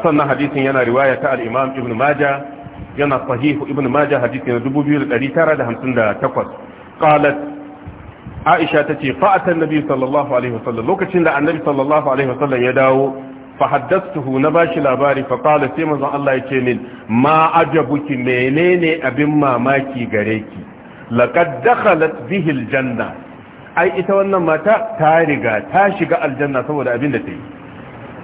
sannan hadisin yana riwaya ta al-imam ibn majah yana sahihu ibn majah hadisi na 2958 qalat aisha tace fa atan nabi sallallahu alaihi wasallam lokacin da annabi sallallahu alaihi wasallam ya dawo fa haddathtuhu na bashi labari fa qala sai manzon Allah ce min ma ajabuki menene abin mamaki gare ki laqad dakhalat bihi aljanna ai ita wannan mata ta riga ta shiga aljanna saboda abin da ta yi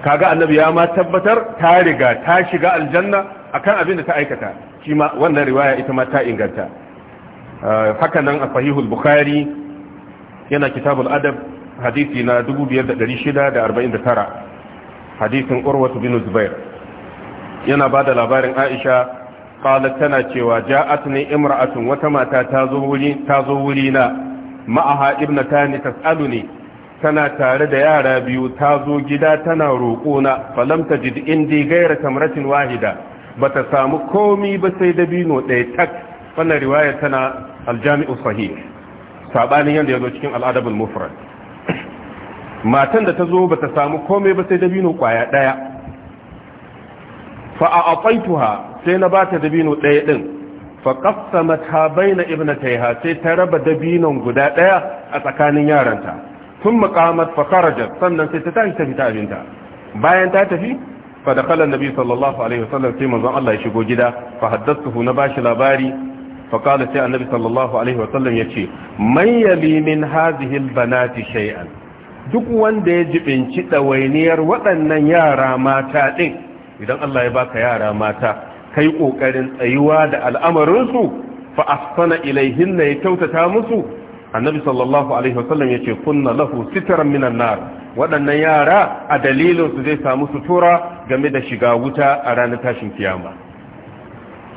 kaga annabi ya ma tabbatar ta riga ta shiga aljanna akan abin da ta aikata shima wannan riwaya ita ma ta inganta Hakanan nan a sahihul bukhari yana kitabul adab hadisi na 2649 hadisin urwatu bin zubair yana ba da labarin aisha qalat tana cewa ja'atni imra'atun wata mata ta zo wuri ta zo wuri na ma'aha ibnatani tas'aluni tana tare da yara biyu ta zo gida tana roƙo na falam tajid indi ghayra tamratin wahida bata samu komi ba sai dabino ɗaya tak wannan riwaya tana aljami'u sahih sabanin yanda yazo cikin al'adabul mufrad matan da ta zo ba ta samu komai ba sai dabino kwaya ɗaya fa a afaituha sai na ba ta dabino ɗaya ɗin fa kassama ta baina ibnataiha sai ta raba dabinon guda ɗaya a tsakanin yaranta tun maqamat fa kharajat sannan sai ta tashi ta fita abinta bayan ta tafi fa dakhala annabi sallallahu alaihi wasallam sai manzon Allah ya shigo gida fa haddathu na bashi labari fa qala sai annabi sallallahu alaihi wasallam yace man yali min hadhihi albanati shay'an duk wanda ya jibinci ɗawainiyar waɗannan yara mata ɗin idan Allah ya baka yara mata kai ƙoƙarin tsayuwa da al'amarinsu fa asfana ilaihin na ya kyautata musu annabi sallallahu alaihi wasallam ya ce kunna lahu sitaran minan nar waɗannan yara a dalilinsu zai samu sutura game da shiga wuta a ranar tashin kiyama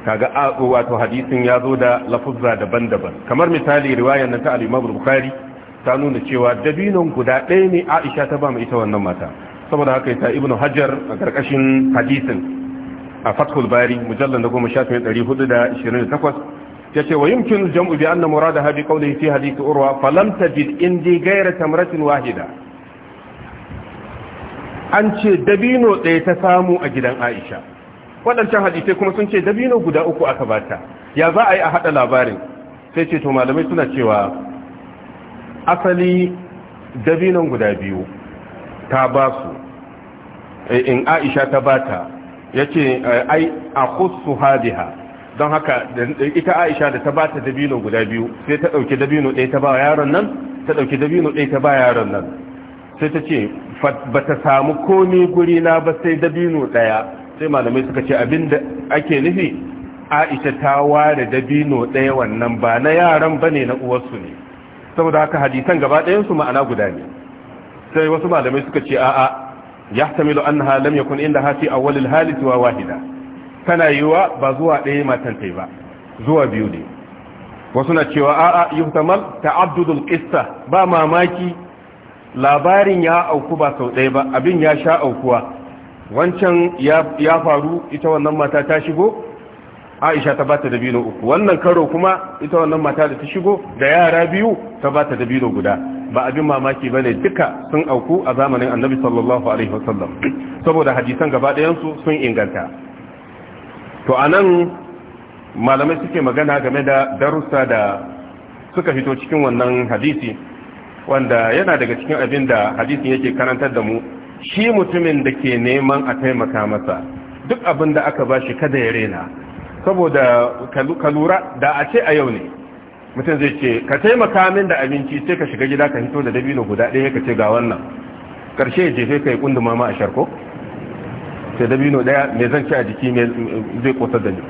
kaga wato hadisin ya zo da lafuzza daban-daban kamar misali riwayar na ta al-Imam Bukhari ta nuna cewa dabinon guda ɗaya ne aisha ta ba mu ita wannan mata saboda haka ita Ibn hajar a karkashin hadisin a fathul bari mujallar da goma shafin ɗari hudu da ishirin da takwas ya ce wa yumkin jam'u bi anna murada habi qawlihi fi hadith urwa falam tajid indi ghayra tamratin wahida an ce dabino ɗaya ta samu a gidan aisha waɗancan hadisai kuma sun ce dabino guda uku aka bata ya za a yi a haɗa labarin sai ce to malamai suna cewa asali dabinan guda biyu ta ba su eh, in aisha ta ba ta ya ce eh, ai a kusu hadiha don haka ita aisha da ta ba ta dabino guda biyu sai ta ɗauki dabino ɗaya ta ba yaron nan ta ɗauki dabino ɗaya ta ba yaron nan sai ta ce ba ta samu komi guri na ba sai dabino ɗaya sai malamai suka ce abin da ake nufi aisha ta ware dabino ɗaya wannan ba na yaran ba ne na uwarsu ne saboda haka hadisan gaba ɗayan su ma'ana guda ne sai wasu malamai suka ce a'a ya yahtamilu annaha lam yakun inda ha awwal awwalil halis wa wahida tana yiwa ba zuwa ɗaya matan tai ba zuwa biyu ne wasu na cewa a'a yuhtamal ta'addudul qissa ba mamaki labarin ya auku ba sau ɗaya ba abin ya sha aukuwa wancan ya faru ita wannan mata ta shigo aisha ta bata dabino uku wannan karo kuma ita wannan mata da ta shigo da yara biyu ta bata dabino guda ba abin mamaki bane duka sun auku a zamanin annabi sallallahu alaihi wasallam saboda hadisan gaba ɗayan su sun inganta to anan malamai suke magana game da darussa da suka fito cikin wannan hadisi wanda yana daga cikin abin da hadisin yake karantar da mu shi mutumin da ke neman a taimaka masa duk abin da aka bashi kada ya rena saboda ka lura da a ce a yau ne mutum zai ce ka taimaka min da abinci sai ka shiga gida ka hito da dabino guda ɗaya ka ce ga wannan ƙarshe ya jefe ka yi ƙunduma ma a sharko sai dabino ɗaya mai zan a jiki zai kotar da ni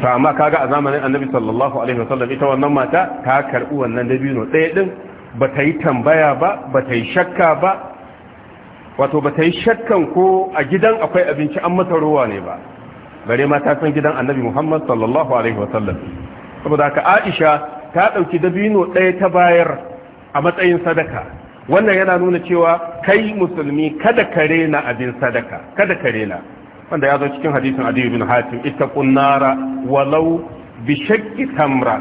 ta amma kaga a zamanin annabi sallallahu alaihi wasallam ita wannan mata ta karɓi wannan dabino ɗaya ɗin ba ta yi tambaya ba ba ta yi shakka ba wato ba ta yi shakkan ko a gidan akwai abinci an masa ruwa ne ba bare ma ta san gidan annabi muhammad sallallahu alaihi wasallam saboda haka aisha ta ɗauki dabino ɗaya ta bayar a matsayin sadaka wannan yana nuna cewa kai musulmi kada ka rena abin sadaka kada ka rena wanda ya zo cikin hadisin adiyu bin hatim ita kunnara walau bi shakki tamra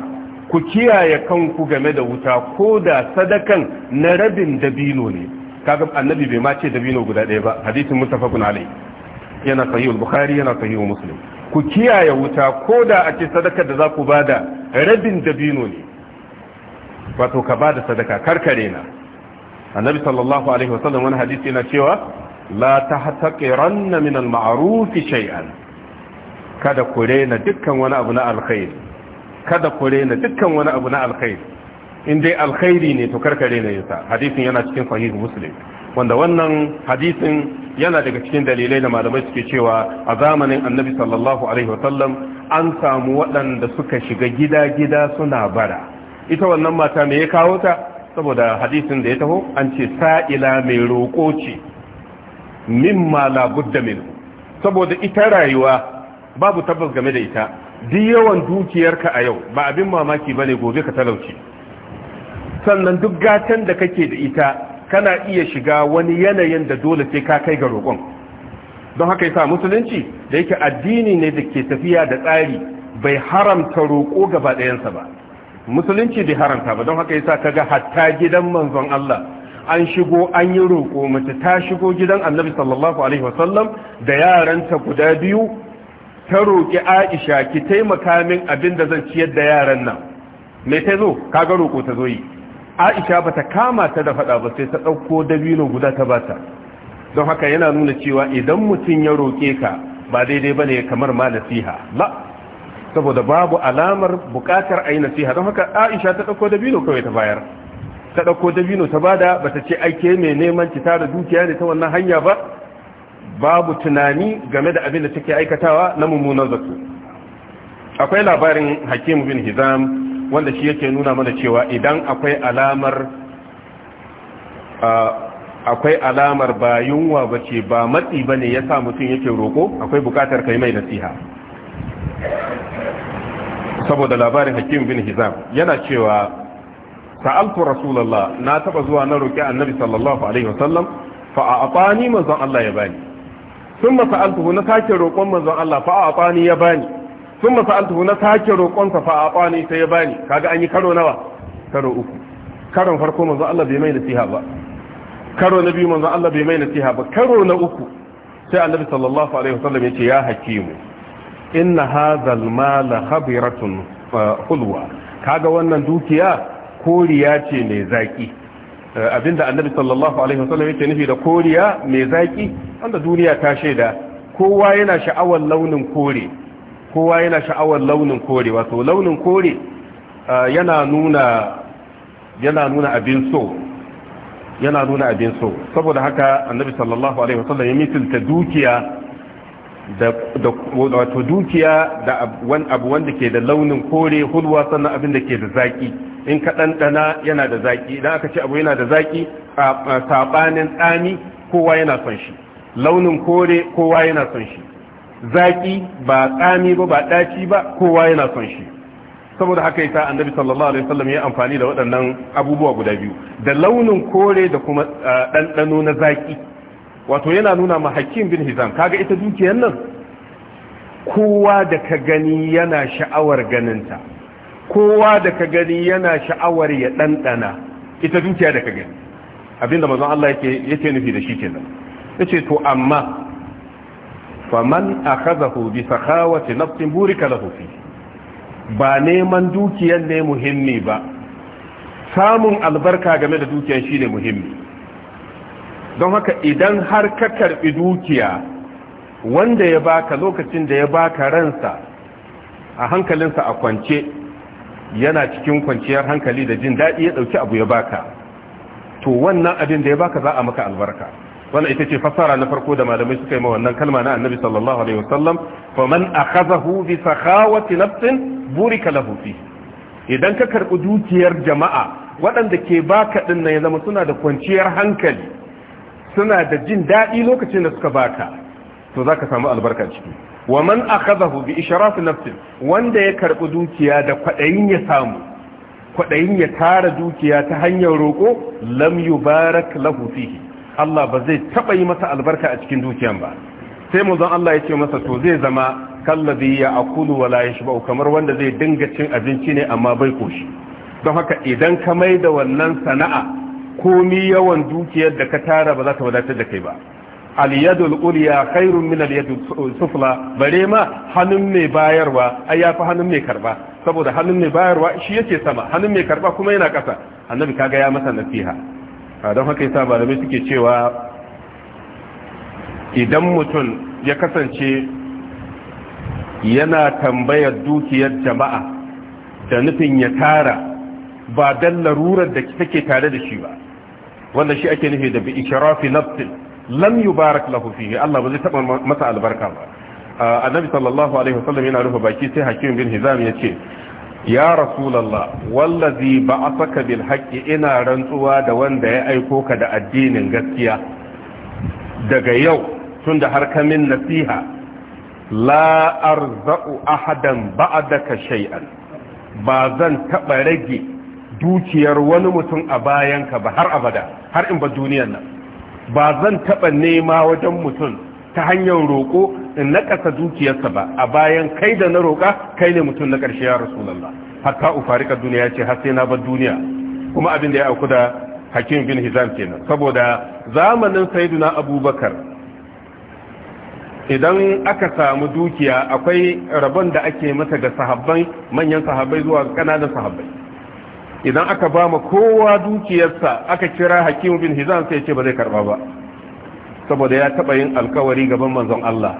ku kiyaye kanku game da wuta ko da sadakan na rabin dabino ne kaga annabi bai ma ce dabino guda ɗaya ba hadisin mustafakun alai yana sahihul bukhari yana sahihul muslim ku kiyaye wuta ko da a ce sadakar da za ku bada rabin dabino ne wato ka bada sadaka karkare na annabi sallallahu alaihi wasallam wani hadisi yana cewa la tahtaqiranna min al-ma'ruf shay'an kada ku rena dukkan wani abu na alkhair kada ku rena dukkan wani abu na alkhair in dai alkhairi ne to karkare ne yasa hadisin yana cikin sahih muslim wanda wannan hadisin yana daga cikin dalilai da malamai suke cewa a zamanin annabi sallallahu alaihi wasallam an samu waɗanda suka shiga gida-gida suna bara ita wannan mata me ya kawo ta saboda hadisin da ya taho an ce sa'ila mai roƙo ce mimma la budda min saboda ita rayuwa babu tabbas game da ita duk yawan dukiyarka a yau ba abin mamaki ba ne gobe ka talauci. sannan duk gatan da kake da ita kana iya shiga wani yanayin da dole sai ka kai ga roƙon don haka yasa musulunci da yake addini ne da ke tafiya da tsari bai haramta roƙo gaba ɗayansa ba musulunci bai haramta ba don haka yasa kaga hatta gidan manzon Allah an shigo an yi roƙo mace ta shigo gidan annabi sallallahu alaihi wasallam da yaranta guda biyu ta roƙi Aisha ki taimaka min abin da zan ciyar da yaran nan me ta zo kaga roƙo ta zo yi aisha bata kama ta da faɗa ba sai ta ɗauko dabino guda ta bata don haka yana nuna cewa idan mutum ya roƙe ka ba daidai ba ne kamar ma nasiha la saboda babu alamar buƙatar a yi nasiha don haka aisha ta ɗauko dabino kawai ta bayar ta ɗauko dabino ta bada bata ce aike mai neman ki tara dukiya ne ta wannan hanya ba babu tunani game da abin da take aikatawa na mummunan zato akwai labarin hakim bin hizam wanda shi yake nuna mana cewa idan akwai alamar akwai alamar ba yunwa ba ce ba matsi ba ne ya sa mutum yake roƙo akwai buƙatar kai mai nasiha saboda labarin hakim bin hizam yana cewa sa'altu rasulallah na taba zuwa na roƙi annabi sallallahu alaihi wasallam fa a atani manzon Allah ya bani sun thumma sa'altuhu na sake roƙon manzon Allah fa a atani ya bani sun masa'altu na sake roƙonsa fa a ne sai ya bani kaga an yi karo nawa karo uku karon farko manzo Allah bai mai nasiha ba karo na biyu manzo Allah bai mai nasiha ba karo na uku sai annabi sallallahu alaihi wasallam ya ce ya hakimu inna hadha al-mal khabiratun hulwa kaga wannan dukiya koriya ce mai zaki eh, abinda annabi sallallahu alaihi wasallam yake nufi da koriya mai zaki wanda duniya ta shaida kowa yana sha'awar launin kore kowa yana sha'awar launin kore wato launin kore ah, yana nuna yana nuna abin so yana nuna abin so saboda haka annabi sallallahu alaihi wasallam ya misalta dukiya da wato dukiya da abu wanda ke da launin kore hulwa sannan abin da ke da zaki in ka ɗanɗana yana da zaki idan aka ce abu yana da zaki ah, ah, saɓanin tsami kowa yana son shi launin kore kowa yana son shi zaki ba tsami ba ba daci ba kowa yana son shi saboda haka yasa annabi sallallahu alaihi wasallam ya amfani da waɗannan abubuwa guda biyu da launin kore da kuma ɗanɗano na zaki wato yana nuna ma hakim bin hizam kaga ita dukiyar nan kowa da ka gani yana sha'awar ganinta kowa da ka gani yana sha'awar ya ɗanɗana ita dukiya da ka gani abinda mazan Allah yake nufi da shi kenan yace to amma faman akhazahu bi sakhawati nafsin burika lahu fi ba neman dukiyar ne muhimmi ba samun albarka game da dukiyar shine muhimmi don haka idan har ka karbi dukiya wanda ya baka lokacin da ya baka ransa a hankalinsa a kwance yana cikin kwanciyar hankali da jin daɗi ya ɗauki abu ya baka to wannan abin da ya baka za a maka albarka wannan ita ce fasara na farko da malamai suka yi ma wannan kalma na annabi sallallahu alaihi wasallam fa man akhadhahu bi sakhawati nafsin burika lahu fi idan ka karbi dukiyar jama'a waɗanda ke baka din nan ya zama suna da kwanciyar hankali suna da jin daɗi lokacin da suka baka to zaka samu albarka ciki wa man akhadhahu bi ishraf nafsin wanda ya karbi dukiya da kwaɗayin ya samu kwaɗayin ya tara dukiya ta hanyar roko lam yubarak lahu fihi Allah ba zai taba yi masa albarka a cikin dukiyan ba sai mu zan Allah ya ce masa to zai zama kallabi ya akulu wala ya shiba kamar wanda zai dinga cin abinci ne amma bai koshi don haka idan ka mai da wannan sana'a komi yawan dukiyar da ka tara ba za ta wadatar da kai ba aliyadul ulya khairun min aliyadul sufla bare ma hannun mai bayarwa ai yafi hannun mai karba saboda hannun mai bayarwa shi yake sama hannun mai karba kuma yana kasa annabi kaga ya masa nasiha don haka yasa malamai suke cewa idan mutum ya kasance yana tambayar dukiyar jama'a da nufin ya tara ba dan larurar da take tare da shi ba wanda shi ake nufi da bi ishrafi nafsin lam yubarak barak fihi Allah ba zai taba masa albarka ba annabi sallallahu alaihi wasallam yana rufe baki sai hakim bin hizam yace ya rasulallah wallazi saka bil haqqi ina rantsuwa da wanda ya aiko ka da addinin gaskiya daga yau tunda har min nasiha la arza'u ahadan ba'daka shay'an ba zan taba rage dukiyar wani mutum a bayanka ba har abada har in ba duniyar nan ba zan taba nema wajen mutum ta hanyar roƙo in naƙasa dukiyarsa ba a bayan kai da na roƙa kai ne mutum na ƙarshe ya rasu lalla hatta ufarika duniya ce har sai na bar duniya kuma abin da ya auku da hakim bin hizam kenan saboda zamanin saiduna abubakar idan aka samu dukiya akwai rabon da ake mata ga sahabbai manyan sahabbai zuwa kananan sahabbai idan aka ba ma kowa dukiyarsa aka kira hakim bin hizam sai ya ce ba zai karba ba saboda ya taba yin alkawari gaban manzon Allah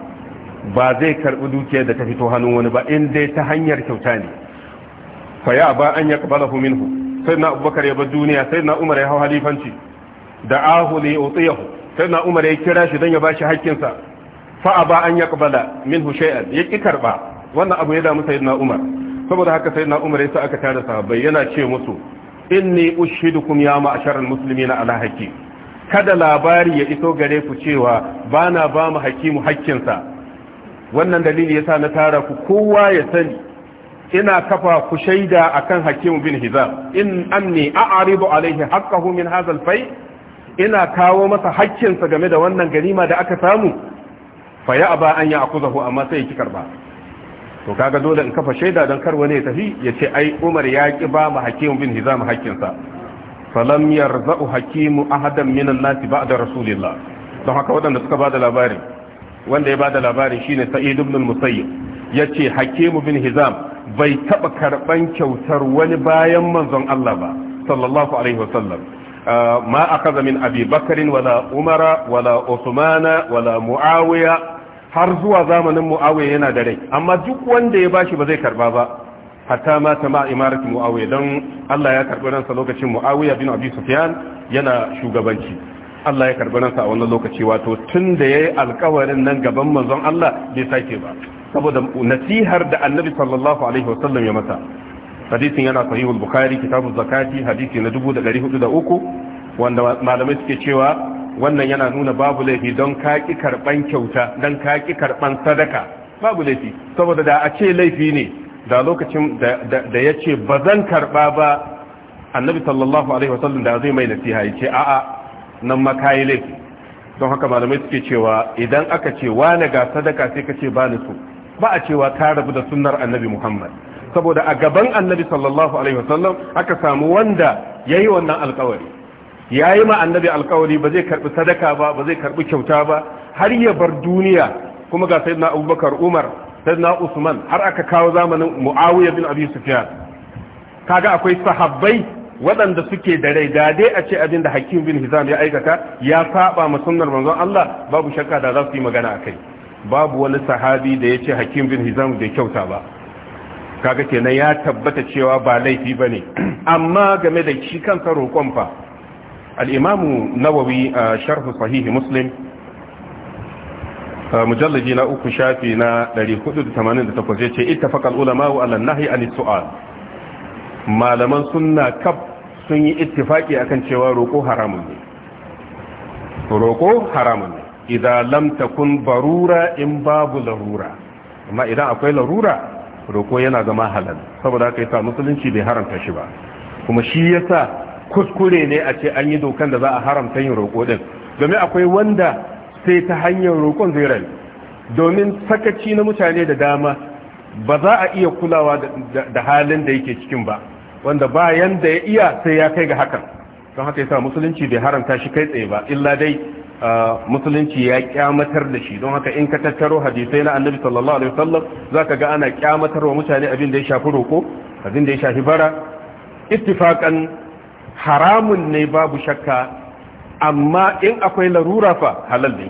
ba zai karbi dukiya da ta fito hannun wani ba in dai ta hanyar kyauta ne fa ya ba an hu minhu na abubakar ya bar duniya na umar ya hau halifanci da'ahu li utiyahu na umar ya kira shi dan ya bashi hakkin fa a ba an yaqbala minhu shay'an ya ki karba wannan abu ya damu na umar saboda haka na umar ya sa aka tara sahabbai yana ce musu inni ushidukum ya ma'asharal muslimina ala haqqi kada labari ya iso gare ku cewa ba na ba mu hakimu hakkinsa wannan dalili yasa na tara ku kowa ya sani ina kafa ku shaida akan hakimu bin hiza in anni a'ridu alaihi haqqahu min hadha al ina kawo masa hakkinsa game da wannan ganima da aka samu fa ya aba an ya akuzahu amma sai ki karba to kaga dole in kafa shaida don kar wani ya tafi ya ce ai Umar ya ki ba mu hakimu bin hizam hakkinsa falam yarza'u hakimu ahadan minan nasi ba'da rasulillah don haka waɗanda suka bada labari wanda ya bada labari shine sa'id ibn musayyib yace hakimu bin hizam bai taba karban kyautar wani bayan manzon Allah ba sallallahu alaihi sallam uh, ma أخذ من أبي بكر wala umara wala عثمان wala معاوية har zuwa zamanin mu'awiya yana da rai amma duk wanda ya bashi ba zai karba ba hatta mata ma imaratu muawiya don Allah ya karbi ransa lokacin muawiya bin abi sufyan yana shugabanci Allah ya karbi ransa a wannan lokaci wato tun da yayi alƙawarin nan gaban manzon Allah bai sake ba saboda nasihar da annabi sallallahu alaihi wasallam ya mata. hadisin yana sahih al-bukhari kitabu zakati hadisi na 1403 wanda malamai suke cewa wannan yana nuna babu laifi don kaki karban kyauta don kaki karban sadaka babu laifi saboda da a ce laifi ne da lokacin da ya ce ba zan karɓa ba annabi sallallahu alaihi wasallam da zai mai nasiha ya ce a'a nan ma kayi laifi don haka malamai suke cewa idan aka ce wani ga sadaka sai ka ce ba ni so ba a cewa ta rabu da sunnar annabi muhammad saboda a gaban annabi sallallahu alaihi wasallam aka samu wanda ya yi wannan alkawari ya yi ma annabi alkawari ba zai karɓi sadaka ba ba zai karɓi kyauta ba har ya bar duniya kuma ga sayyidina abubakar umar sayyidina usman har aka kawo zamanin muawiya bin abi sufyan kaga akwai sahabbai waɗanda suke da rai da dai a ce abin da hakim bin hizam ya aikata ya saba ma sunnar manzon Allah babu shakka da za su yi magana akai babu wani sahabi da ya ce hakim bin hizam bai kyauta ba kaga kenan ya tabbata cewa ba laifi bane [CLEARS THROAT] amma game da shi kansa roƙon fa al-imamu nawawi sharh sahih muslim mujallaji na uku shafi na 488 ya ce ittafaqal ulama'u ala nahyi anis su'al malaman sunna kaf sun yi ittifaki akan cewa roko haramun ne roko haramun ne idan lam takun barura in babu larura amma idan akwai larura roko yana zama halal saboda haka yasa musulunci bai haramta shi ba kuma shi yasa kuskure ne a ce an yi dokan da za a haramta yin roko din domin akwai wanda sai ta hanyar roƙon zai domin sakaci na mutane da dama ba za a iya kulawa da halin da yake cikin ba wanda bayan da ya iya sai ya kai ga hakan don haka yasa musulunci bai haramta shi kai tsaye ba illa dai musulunci ya kyamatar da shi don haka in ka tattaro hadisai na annabi sallallahu alaihi wasallam zaka ga ana kyamatar wa mutane abin da ya shafi roko abin da ya shafi bara ittifakan haramun ne babu shakka amma in akwai larura fa halal ne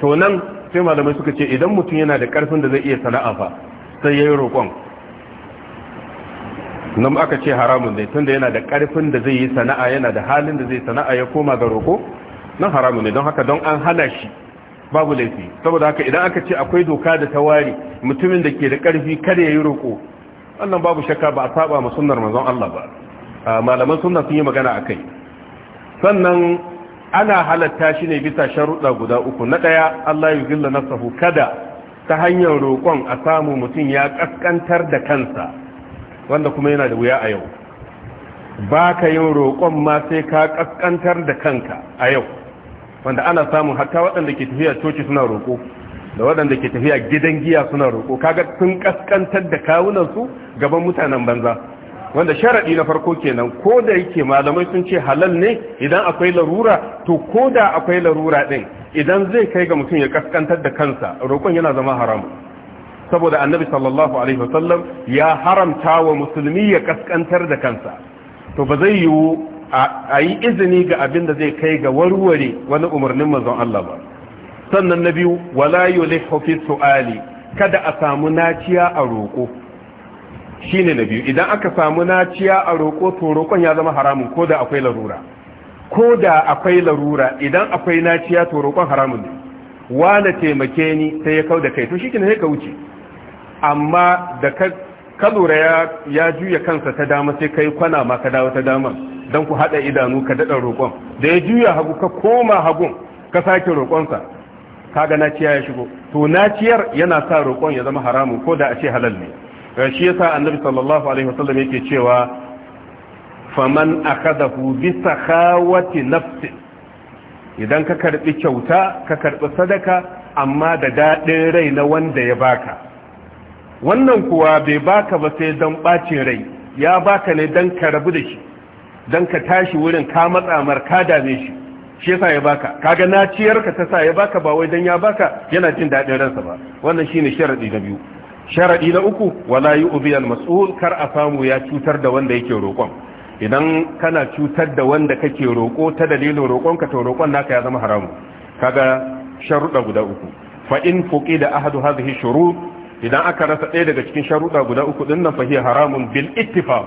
to nan sai malamai suka ce idan mutum yana da karfin da zai iya sana'a fa sai yayi roƙon nan aka ce haramun ne tunda yana da karfin da zai yi sana'a yana da halin da zai sana'a ya koma ga roƙo nan haramun ne don haka don an hana shi babu laifi saboda haka idan aka ce akwai doka da ta ware mutumin da ke da karfi kada ya yi roƙo wannan babu shakka ba a saba ma sunnar manzon Allah ba ah, malaman sunna sun yi magana akai sannan ana halatta shi ne bisa sharuɗa guda uku na ɗaya Allah yi zilla sahu kada ta hanyar roƙon a samu mutum ya ƙasƙantar da kansa wanda kuma yana da wuya a yau ba ka yin roƙon ma sai ka ƙasƙantar da kanka a yau wanda ana samun hatta waɗanda ke tafiya coci suna roƙo da waɗanda ke tafiya gidan giya suna roƙo kaga sun ƙasƙantar da kawunansu gaban mutanen banza wanda sharaɗi na farko kenan ko da yake malamai sun ce halal ne idan akwai larura to ko da akwai larura ɗin idan zai kai ga mutum ya kaskantar da kansa roƙon yana zama haram saboda annabi sallallahu alaihi wasallam ya haramta wa musulmi ya kaskantar da kansa to ba zai yiwu a yi izini ga abin da zai kai ga warware wani umarnin manzon Allah ba sannan na biyu wala yulihu fi su'ali kada a samu naciya a roƙo shine na biyu idan aka samu naciya a roƙo to roƙon ya zama haramun ko da akwai larura ko da akwai larura idan akwai naciya to roƙon haramun ne wane taimake ni sai ya kau da kai to shi sai ka wuce amma da ka lura ya juya kansa ta dama sai kai kwana ma ka dawo ta dama don ku haɗa idanu ka daɗa roƙon da ya juya hagu ka koma hagun ka sake roƙonsa kaga naciya ya shigo to naciyar yana sa roƙon ya zama haramun ko da a ce halal ne shi yasa annabi sallallahu alaihi wasallam yake cewa faman akadahu bi sakhawati nafsi idan ka karbi kyauta ka karbi sadaka amma da dadin rai na wanda ya baka wannan kuwa bai baka ba sai dan bacin rai ya baka ne dan ka rabu da shi dan ka tashi wurin ka matsamar ka dame shi shi yasa ya baka kaga naciyarka ta sa ya baka ba wai dan ya baka yana jin dadin ransa ba wannan shine sharadi na biyu Sharaɗi na uku wala yi al-mas'ul kar a samu ya cutar da wanda yake roƙon idan kana cutar da wanda kake roƙo ta dalilin roƙonka to roƙon naka ya zama haramu kaga sharuɗa guda uku fa in fuqida ahadu hadhihi shurut idan aka rasa ɗaya daga cikin sharuɗa guda uku din nan fa hiya haramun bil ittifaq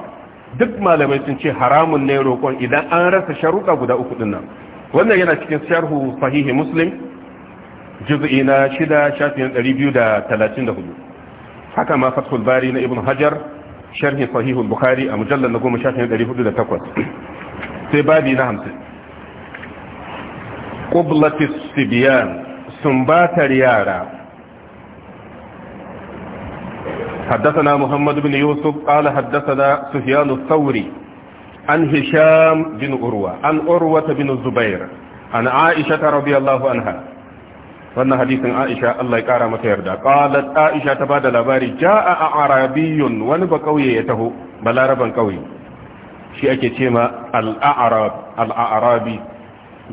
duk malamai sun ce haramun ne roƙon idan an rasa sharuɗa guda uku din nan wannan yana cikin sharhu sahihi muslim juz'i na 6 shafin 234 haka ma fathul bari na ibn hajar sharhi sahihul bukhari a mujallal na goma shafin ɗari sai babi na hamsin ƙublatis sibiyan sumbatar yara حدثنا محمد بن يوسف قال حدثنا سفيان الثوري عن هشام بن أروى عن أروة بن الزبير عن عائشة رضي الله عنها wannan hadisin Aisha Allah ya kara mata yarda qalat Aisha ta bada labari jaa arabiyyun wani ba kauye ya taho balaraban kauye shi ake cewa al-a'rab al-a'rabi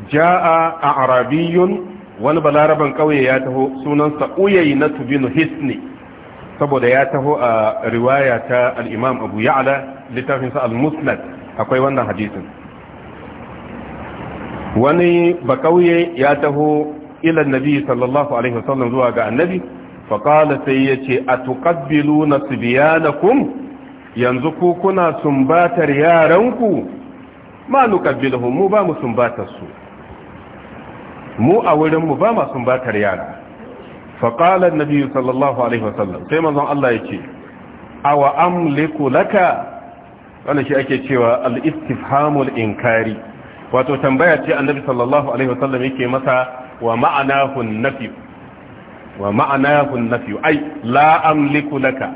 jaa arabiyyun wani balaraban kauye ya taho sunansa Uyaynatu bin Hisni saboda ya taho a riwaya ta al-Imam Abu Ya'la littafinsa al-Musnad akwai wannan hadisin wani bakauye ya taho ila annabi sallallahu alaihi wasallam zuwa ga annabi fa qala sai yace atuqabbiluna sibyanakum yanzu ku kuna sumbatar yaranku ma nuqabbiluhum mu ba mu sumbatar su mu a wurin mu ba ma sumbatar yara fa qala annabi sallallahu alaihi wasallam sai manzon Allah yace awa amliku laka wannan shi ake cewa al-istifhamul inkari wato tambaya ce annabi sallallahu alaihi wasallam yake masa wa ma'anahu nafi wa ai la amliku ba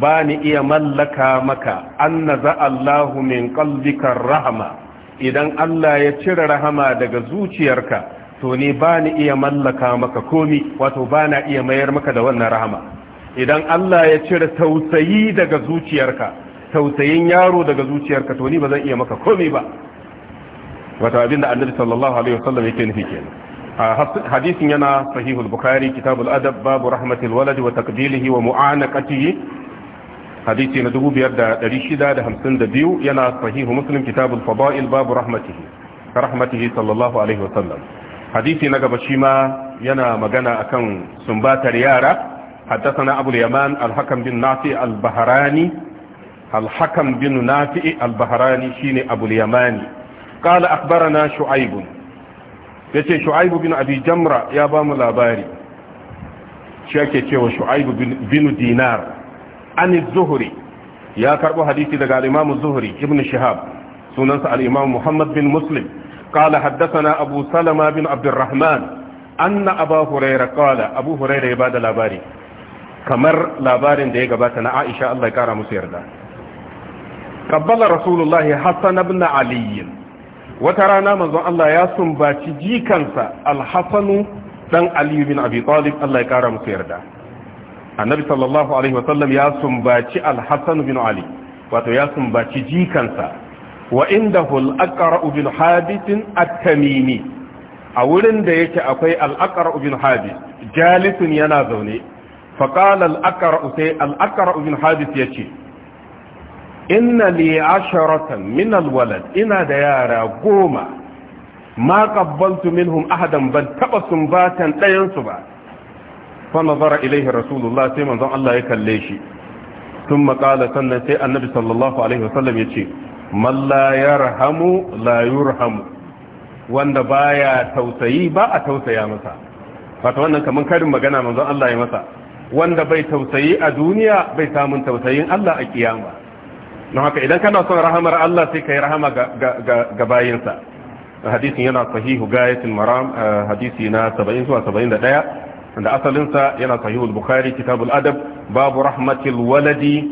bani iya mallaka maka annaza Allahu min qalbika rahama idan Allah ya cire rahama daga zuciyarka to ni iya mallaka maka komi wato na iya mayar maka da wannan rahama idan Allah ya cire tausayi daga zuciyarka tausayin yaro daga zuciyarka to ni ba zan iya maka komi ba wato abinda annabi sallallahu alaihi wasallam yake nufi kenan hadisin yana sahihul bukhari kitabul adab babu rahmatil walad wa taqbilihi wa mu'anaqatihi hadisi na 2652 yana sahihu muslim kitabul fada'il babu rahmatihi rahmatihi sallallahu alaihi wa sallam hadisi na gaba shi ma yana magana akan sumbatar yara حدثنا أبو اليمان الحكم بن نافع البهراني الحكم بن نافع البهراني شيني أبو اليماني قال أخبرنا شعيب ya ce shu'aibu bin abi jamra ya bamu mu labari shi cewa shu'aibu bin dinar an zuhuri ya karbo hadisi daga al-imam zuhuri ibn shihab sunansa al-imam muhammad bin muslim قال حدثنا ابو سلمى بن عبد الرحمن ان ابا هريره قال ابو هريره يبعد لاباري kamar labarin da ya gabata na Aisha Allah ya kara musu yarda qabala rasulullahi hasan ibn aliin wata rana manzon Allah ya sumbaci jikansa alhassanu dan aliyu bin abi talib Allah ya kara musu yarda annabi sallallahu alaihi wasallam ya sumbaci alhassanu bin ali wato ya sumbaci jikansa wa indahu al-aqra bin hadith at-tamimi a wurin da yake akwai al-aqra bin hadith jalisun yana zaune fa qala al-aqra sai al-aqra bin yace inna li asharatan min alwalad ina da yara goma ma qabbaltu minhum ahadan ban taba batan ɗayan su ba fa nazara ilaihi rasulullah sai manzon Allah ya kalle shi Tun maƙala sannan sai annabi sallallahu alaihi wasallam ya ce man la yarhamu la yurhamu wanda baya tausayi ba a tausaya masa fata wannan kaman karin magana manzon Allah ya masa wanda bai tausayi a duniya bai samun tausayin Allah a kiyama don haka idan kana son rahamar Allah sai ka yi rahama ga bayinsa hadisin yana sahihu gayatul maram eh, hadisi na 70 zuwa 71 da asalinsa yana sahihu al-bukhari kitabul adab babu rahmatil waladi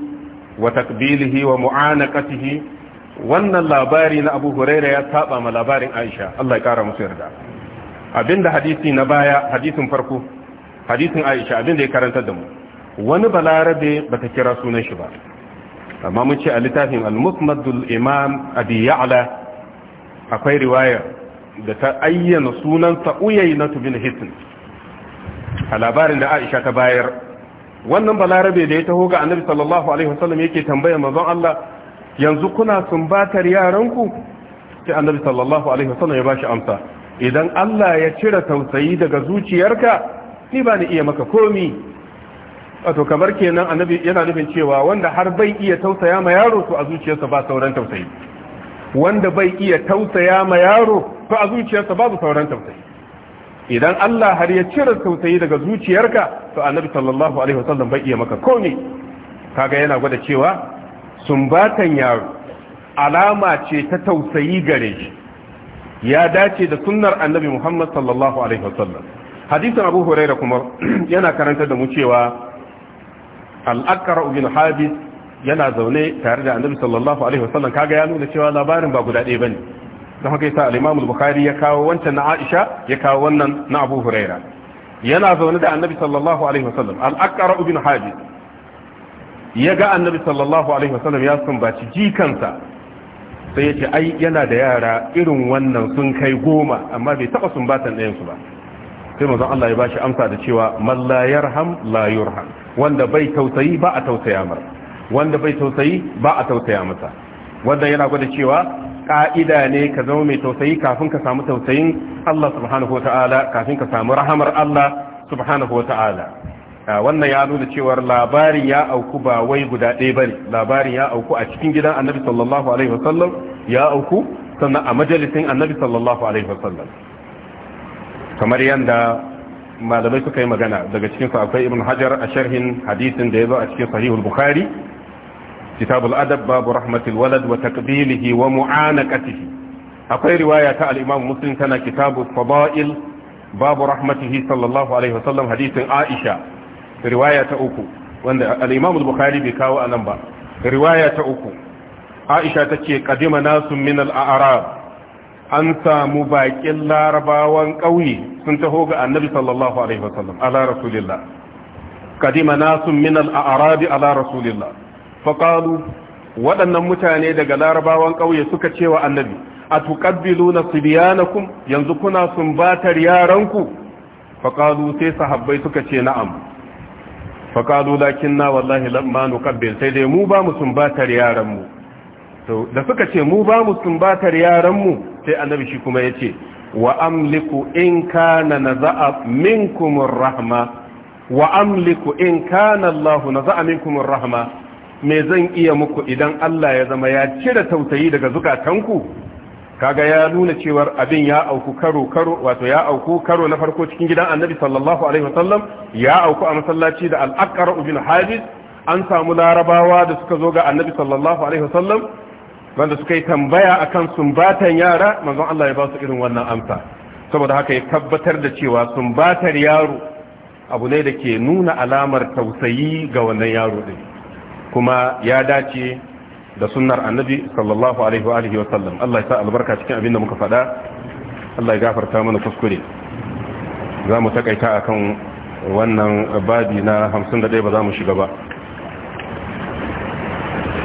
wa takbilihi wa mu'anaqatihi wannan labari na Abu Hurairah ya saba ma labarin Aisha Allah ya kara musu yarda abinda hadisi na baya hadisin farko hadisin Aisha abinda ya karanta da mu wani balarabe bata kira sunan shi ba amma mun ce a littafin al-musnadul imam abi ya'la akwai riwaya da ta ayyana sunan sa uyayna bin hisn a labarin da Aisha ta bayar wannan balarabe da ya taho ga Annabi sallallahu alaihi wasallam yake tambaya manzon Allah yanzu kuna sumbatar yaranku sai Annabi sallallahu alaihi wasallam ya bashi amsa idan Allah ya cire tausayi daga zuciyarka ni ba ni iya maka komi wato kamar kenan annabi yana nufin cewa wanda har bai iya tausaya ma yaro to a zuciyarsa ba sauran tausayi wanda bai iya tausaya ma yaro to a zuciyarsa ba sauran tausayi idan Allah har ya cire tausayi daga zuciyarka to annabi sallallahu alaihi wasallam bai iya maka komai kaga yana gwada cewa sumbatan yaro alama ce ta tausayi gare shi ya dace da sunnar annabi Muhammad sallallahu alaihi wasallam hadisin Abu Hurairah kuma [CLEARS THROAT] yana karanta da mu cewa Al'akara ubin bin yana zaune tare da annabi sallallahu alaihi wasallam kaga ya nuna cewa labarin ba guda ɗaya bane don haka yasa al-imam al-bukhari ya kawo wancan na Aisha ya kawo wannan na Abu Huraira yana zaune da annabi sallallahu alaihi wasallam al-aqra bin habis ya ga annabi sallallahu alaihi wasallam ya sumbaci jikansa sai ya ce ai yana da yara irin wannan sun kai goma amma bai taɓa sumbatan ɗayansu ba sai manzon Allah ya bashi amsa da cewa man la yarham la wanda bai tausayi ba a tausaya mar wanda bai tausayi ba a tausaya masa wanda yana gwada cewa ka'ida ne ka zama mai tausayi kafin ka samu tausayin Allah subhanahu wa ta'ala kafin ka samu rahamar Allah subhanahu wa ta'ala wannan ya nuna cewar labarin ya auku ba wai guda ɗaya bane labarin ya auku a cikin gidan Annabi sallallahu alaihi wasallam ya auku sannan a majalisin Annabi sallallahu alaihi wasallam kamar yadda malamai suka yi magana daga cikin su akwai ibn hajar a sharhin hadisin da ya zo a cikin sahihul bukhari kitabul adab babu rahmatil walad wa taqbilihi wa mu'anaqatihi akwai riwaya ta al-imam muslim tana kitabu fadail babu rahmatihi sallallahu alaihi wasallam hadisin aisha riwaya ta uku wanda al-imam bukhari bai kawo anan ba riwaya ta uku aisha tace qadima nasu min al-a'rab an samu bakin larabawan ƙauye sun taho ga annabi sallallahu alaihi wasallam ala rasulillah kadima nasun min al-a'rab ala rasulillah faqalu waɗannan mutane daga larabawan ƙauye suka ce wa annabi a na sibyanakum yanzu kuna sumbatar yaranku faqalu sai sahabbai suka ce na'am faqalu lakinna wallahi lamma nuqabbil sai dai mu ba mu sumbatar yaranmu to da suka ce mu ba mu sumbatar yaranmu sai annabi shi kuma ya ce wa in kana naza'a minkum rahma wa in kana Allah naza'a minkum rahma me zan iya muku idan Allah ya zama ya cire tausayi daga zukatanku kaga ya nuna cewar abin ya auku karo karo wato ya auku karo na farko cikin gidan annabi sallallahu alaihi wasallam ya auku a masallaci da al-aqra ibn an samu larabawa da suka zo ga annabi sallallahu alaihi wasallam wanda suka yi tambaya akan sumbatan yara manzon Allah ya ba su irin wannan amsa saboda haka ya tabbatar da cewa sumbatar yaro abu ne da ke nuna alamar tausayi ga wannan yaro ɗin. kuma ya dace da sunnar annabi sallallahu alaihi wa sallam Allah ya sa albarka cikin abin da muka faɗa Allah ya gafarta mana kuskure za mu takaita akan wannan babi na ɗaya ba za mu shiga ba